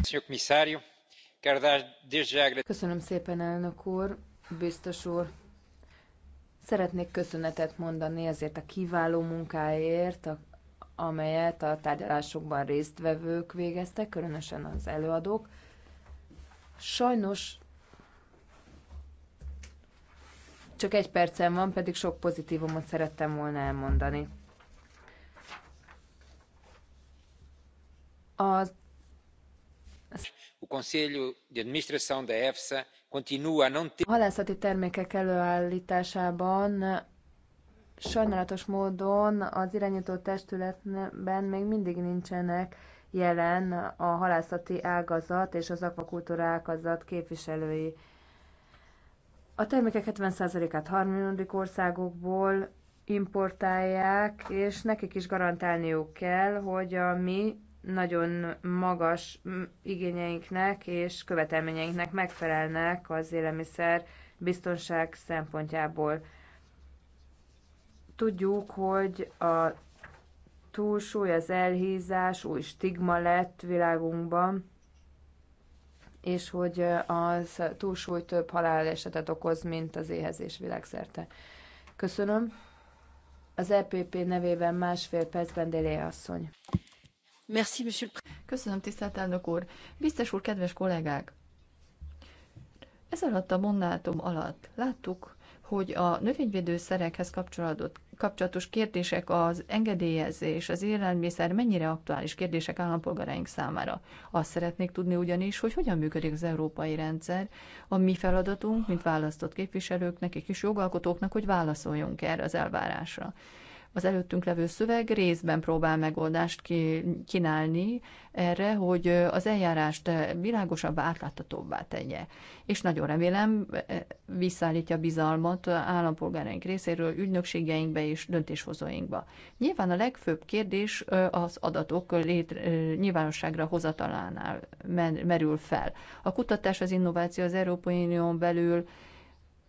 Speaker 6: Köszönöm szépen, elnök úr, biztos úr. Szeretnék köszönetet mondani ezért a kiváló munkáért, a amelyet a tárgyalásokban résztvevők végeztek, különösen az előadók. Sajnos csak egy percem van, pedig sok pozitívumot szerettem volna elmondani. A.
Speaker 1: o Conselho de Administração da EFSA continua a não
Speaker 6: ter... halászati termékek előállításában sajnálatos módon az irányító testületben még mindig nincsenek jelen a halászati ágazat és az akvakultúra ágazat képviselői. A termékek 70%-át harmadik országokból importálják, és nekik is garantálniuk kell, hogy a mi nagyon magas igényeinknek és követelményeinknek megfelelnek az élelmiszer biztonság szempontjából. Tudjuk, hogy a túlsúly, az elhízás új stigma lett világunkban, és hogy a túlsúly több halálesetet okoz, mint az éhezés világszerte. Köszönöm. Az EPP nevében másfél percben Délé asszony. Merci,
Speaker 5: monsieur. Köszönöm, tisztelt elnök úr. Biztos úr, kedves kollégák! Ez alatt a mandátum alatt láttuk, hogy a növényvédőszerekhez kapcsolódott kapcsolatos kérdések, az engedélyezés, az élelmiszer mennyire aktuális kérdések állampolgáraink számára. Azt szeretnék tudni ugyanis, hogy hogyan működik az európai rendszer. A mi feladatunk, mint választott képviselőknek és jogalkotóknak, hogy válaszoljunk erre az elvárásra. Az előttünk levő szöveg részben próbál megoldást ki, kínálni erre, hogy az eljárást világosabbá, átláthatóbbá tegye. És nagyon remélem visszaállítja bizalmat állampolgáraink részéről, ügynökségeinkbe és döntéshozóinkba. Nyilván a legfőbb kérdés az adatok létre, nyilvánosságra hozatalánál merül fel. A kutatás, az innováció az Európai Unión belül,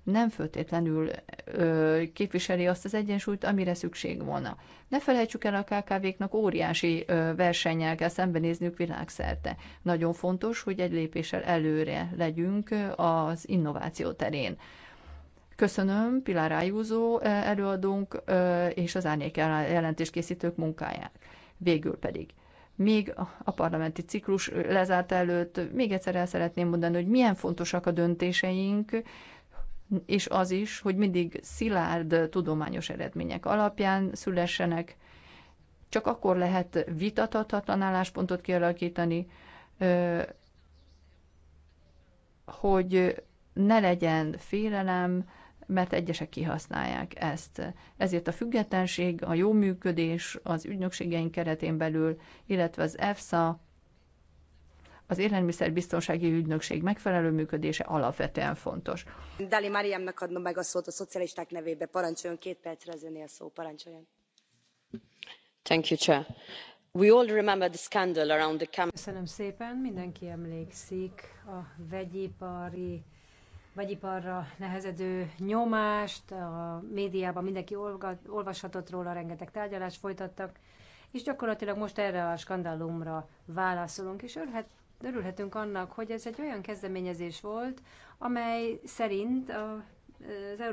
Speaker 5: nem föltétlenül ö, képviseli azt az egyensúlyt, amire szükség volna. Ne felejtsük el, a KKV-knak óriási ö, versennyel kell szembenézniük világszerte. Nagyon fontos, hogy egy lépéssel előre legyünk az innováció terén. Köszönöm Pilár Ájúzó előadónk és az árnyék jelentéskészítők munkáját. Végül pedig még a parlamenti ciklus lezárt előtt még egyszer el szeretném mondani, hogy milyen fontosak a döntéseink, és az is, hogy mindig szilárd tudományos eredmények alapján szülessenek, csak akkor lehet vitathatatlan álláspontot kialakítani, hogy ne legyen félelem, mert egyesek kihasználják ezt. Ezért a függetlenség, a jó működés az ügynökségeink keretén belül, illetve az EFSA az élelmiszerbiztonsági ügynökség megfelelő működése alapvetően fontos.
Speaker 4: Dali Máriámnak adnom meg a szót a szocialisták nevébe. Parancsoljon két percre az önél szó. Parancsoljon. Thank you, Chair. We all remember the scandal around the camp. Köszönöm szépen. Mindenki emlékszik a vegyipari vegyiparra nehezedő nyomást, a médiában mindenki olvashatott róla, rengeteg tárgyalást folytattak, és gyakorlatilag most erre a skandalumra válaszolunk, és örhet, Örülhetünk annak, hogy ez egy olyan kezdeményezés volt, amely szerint az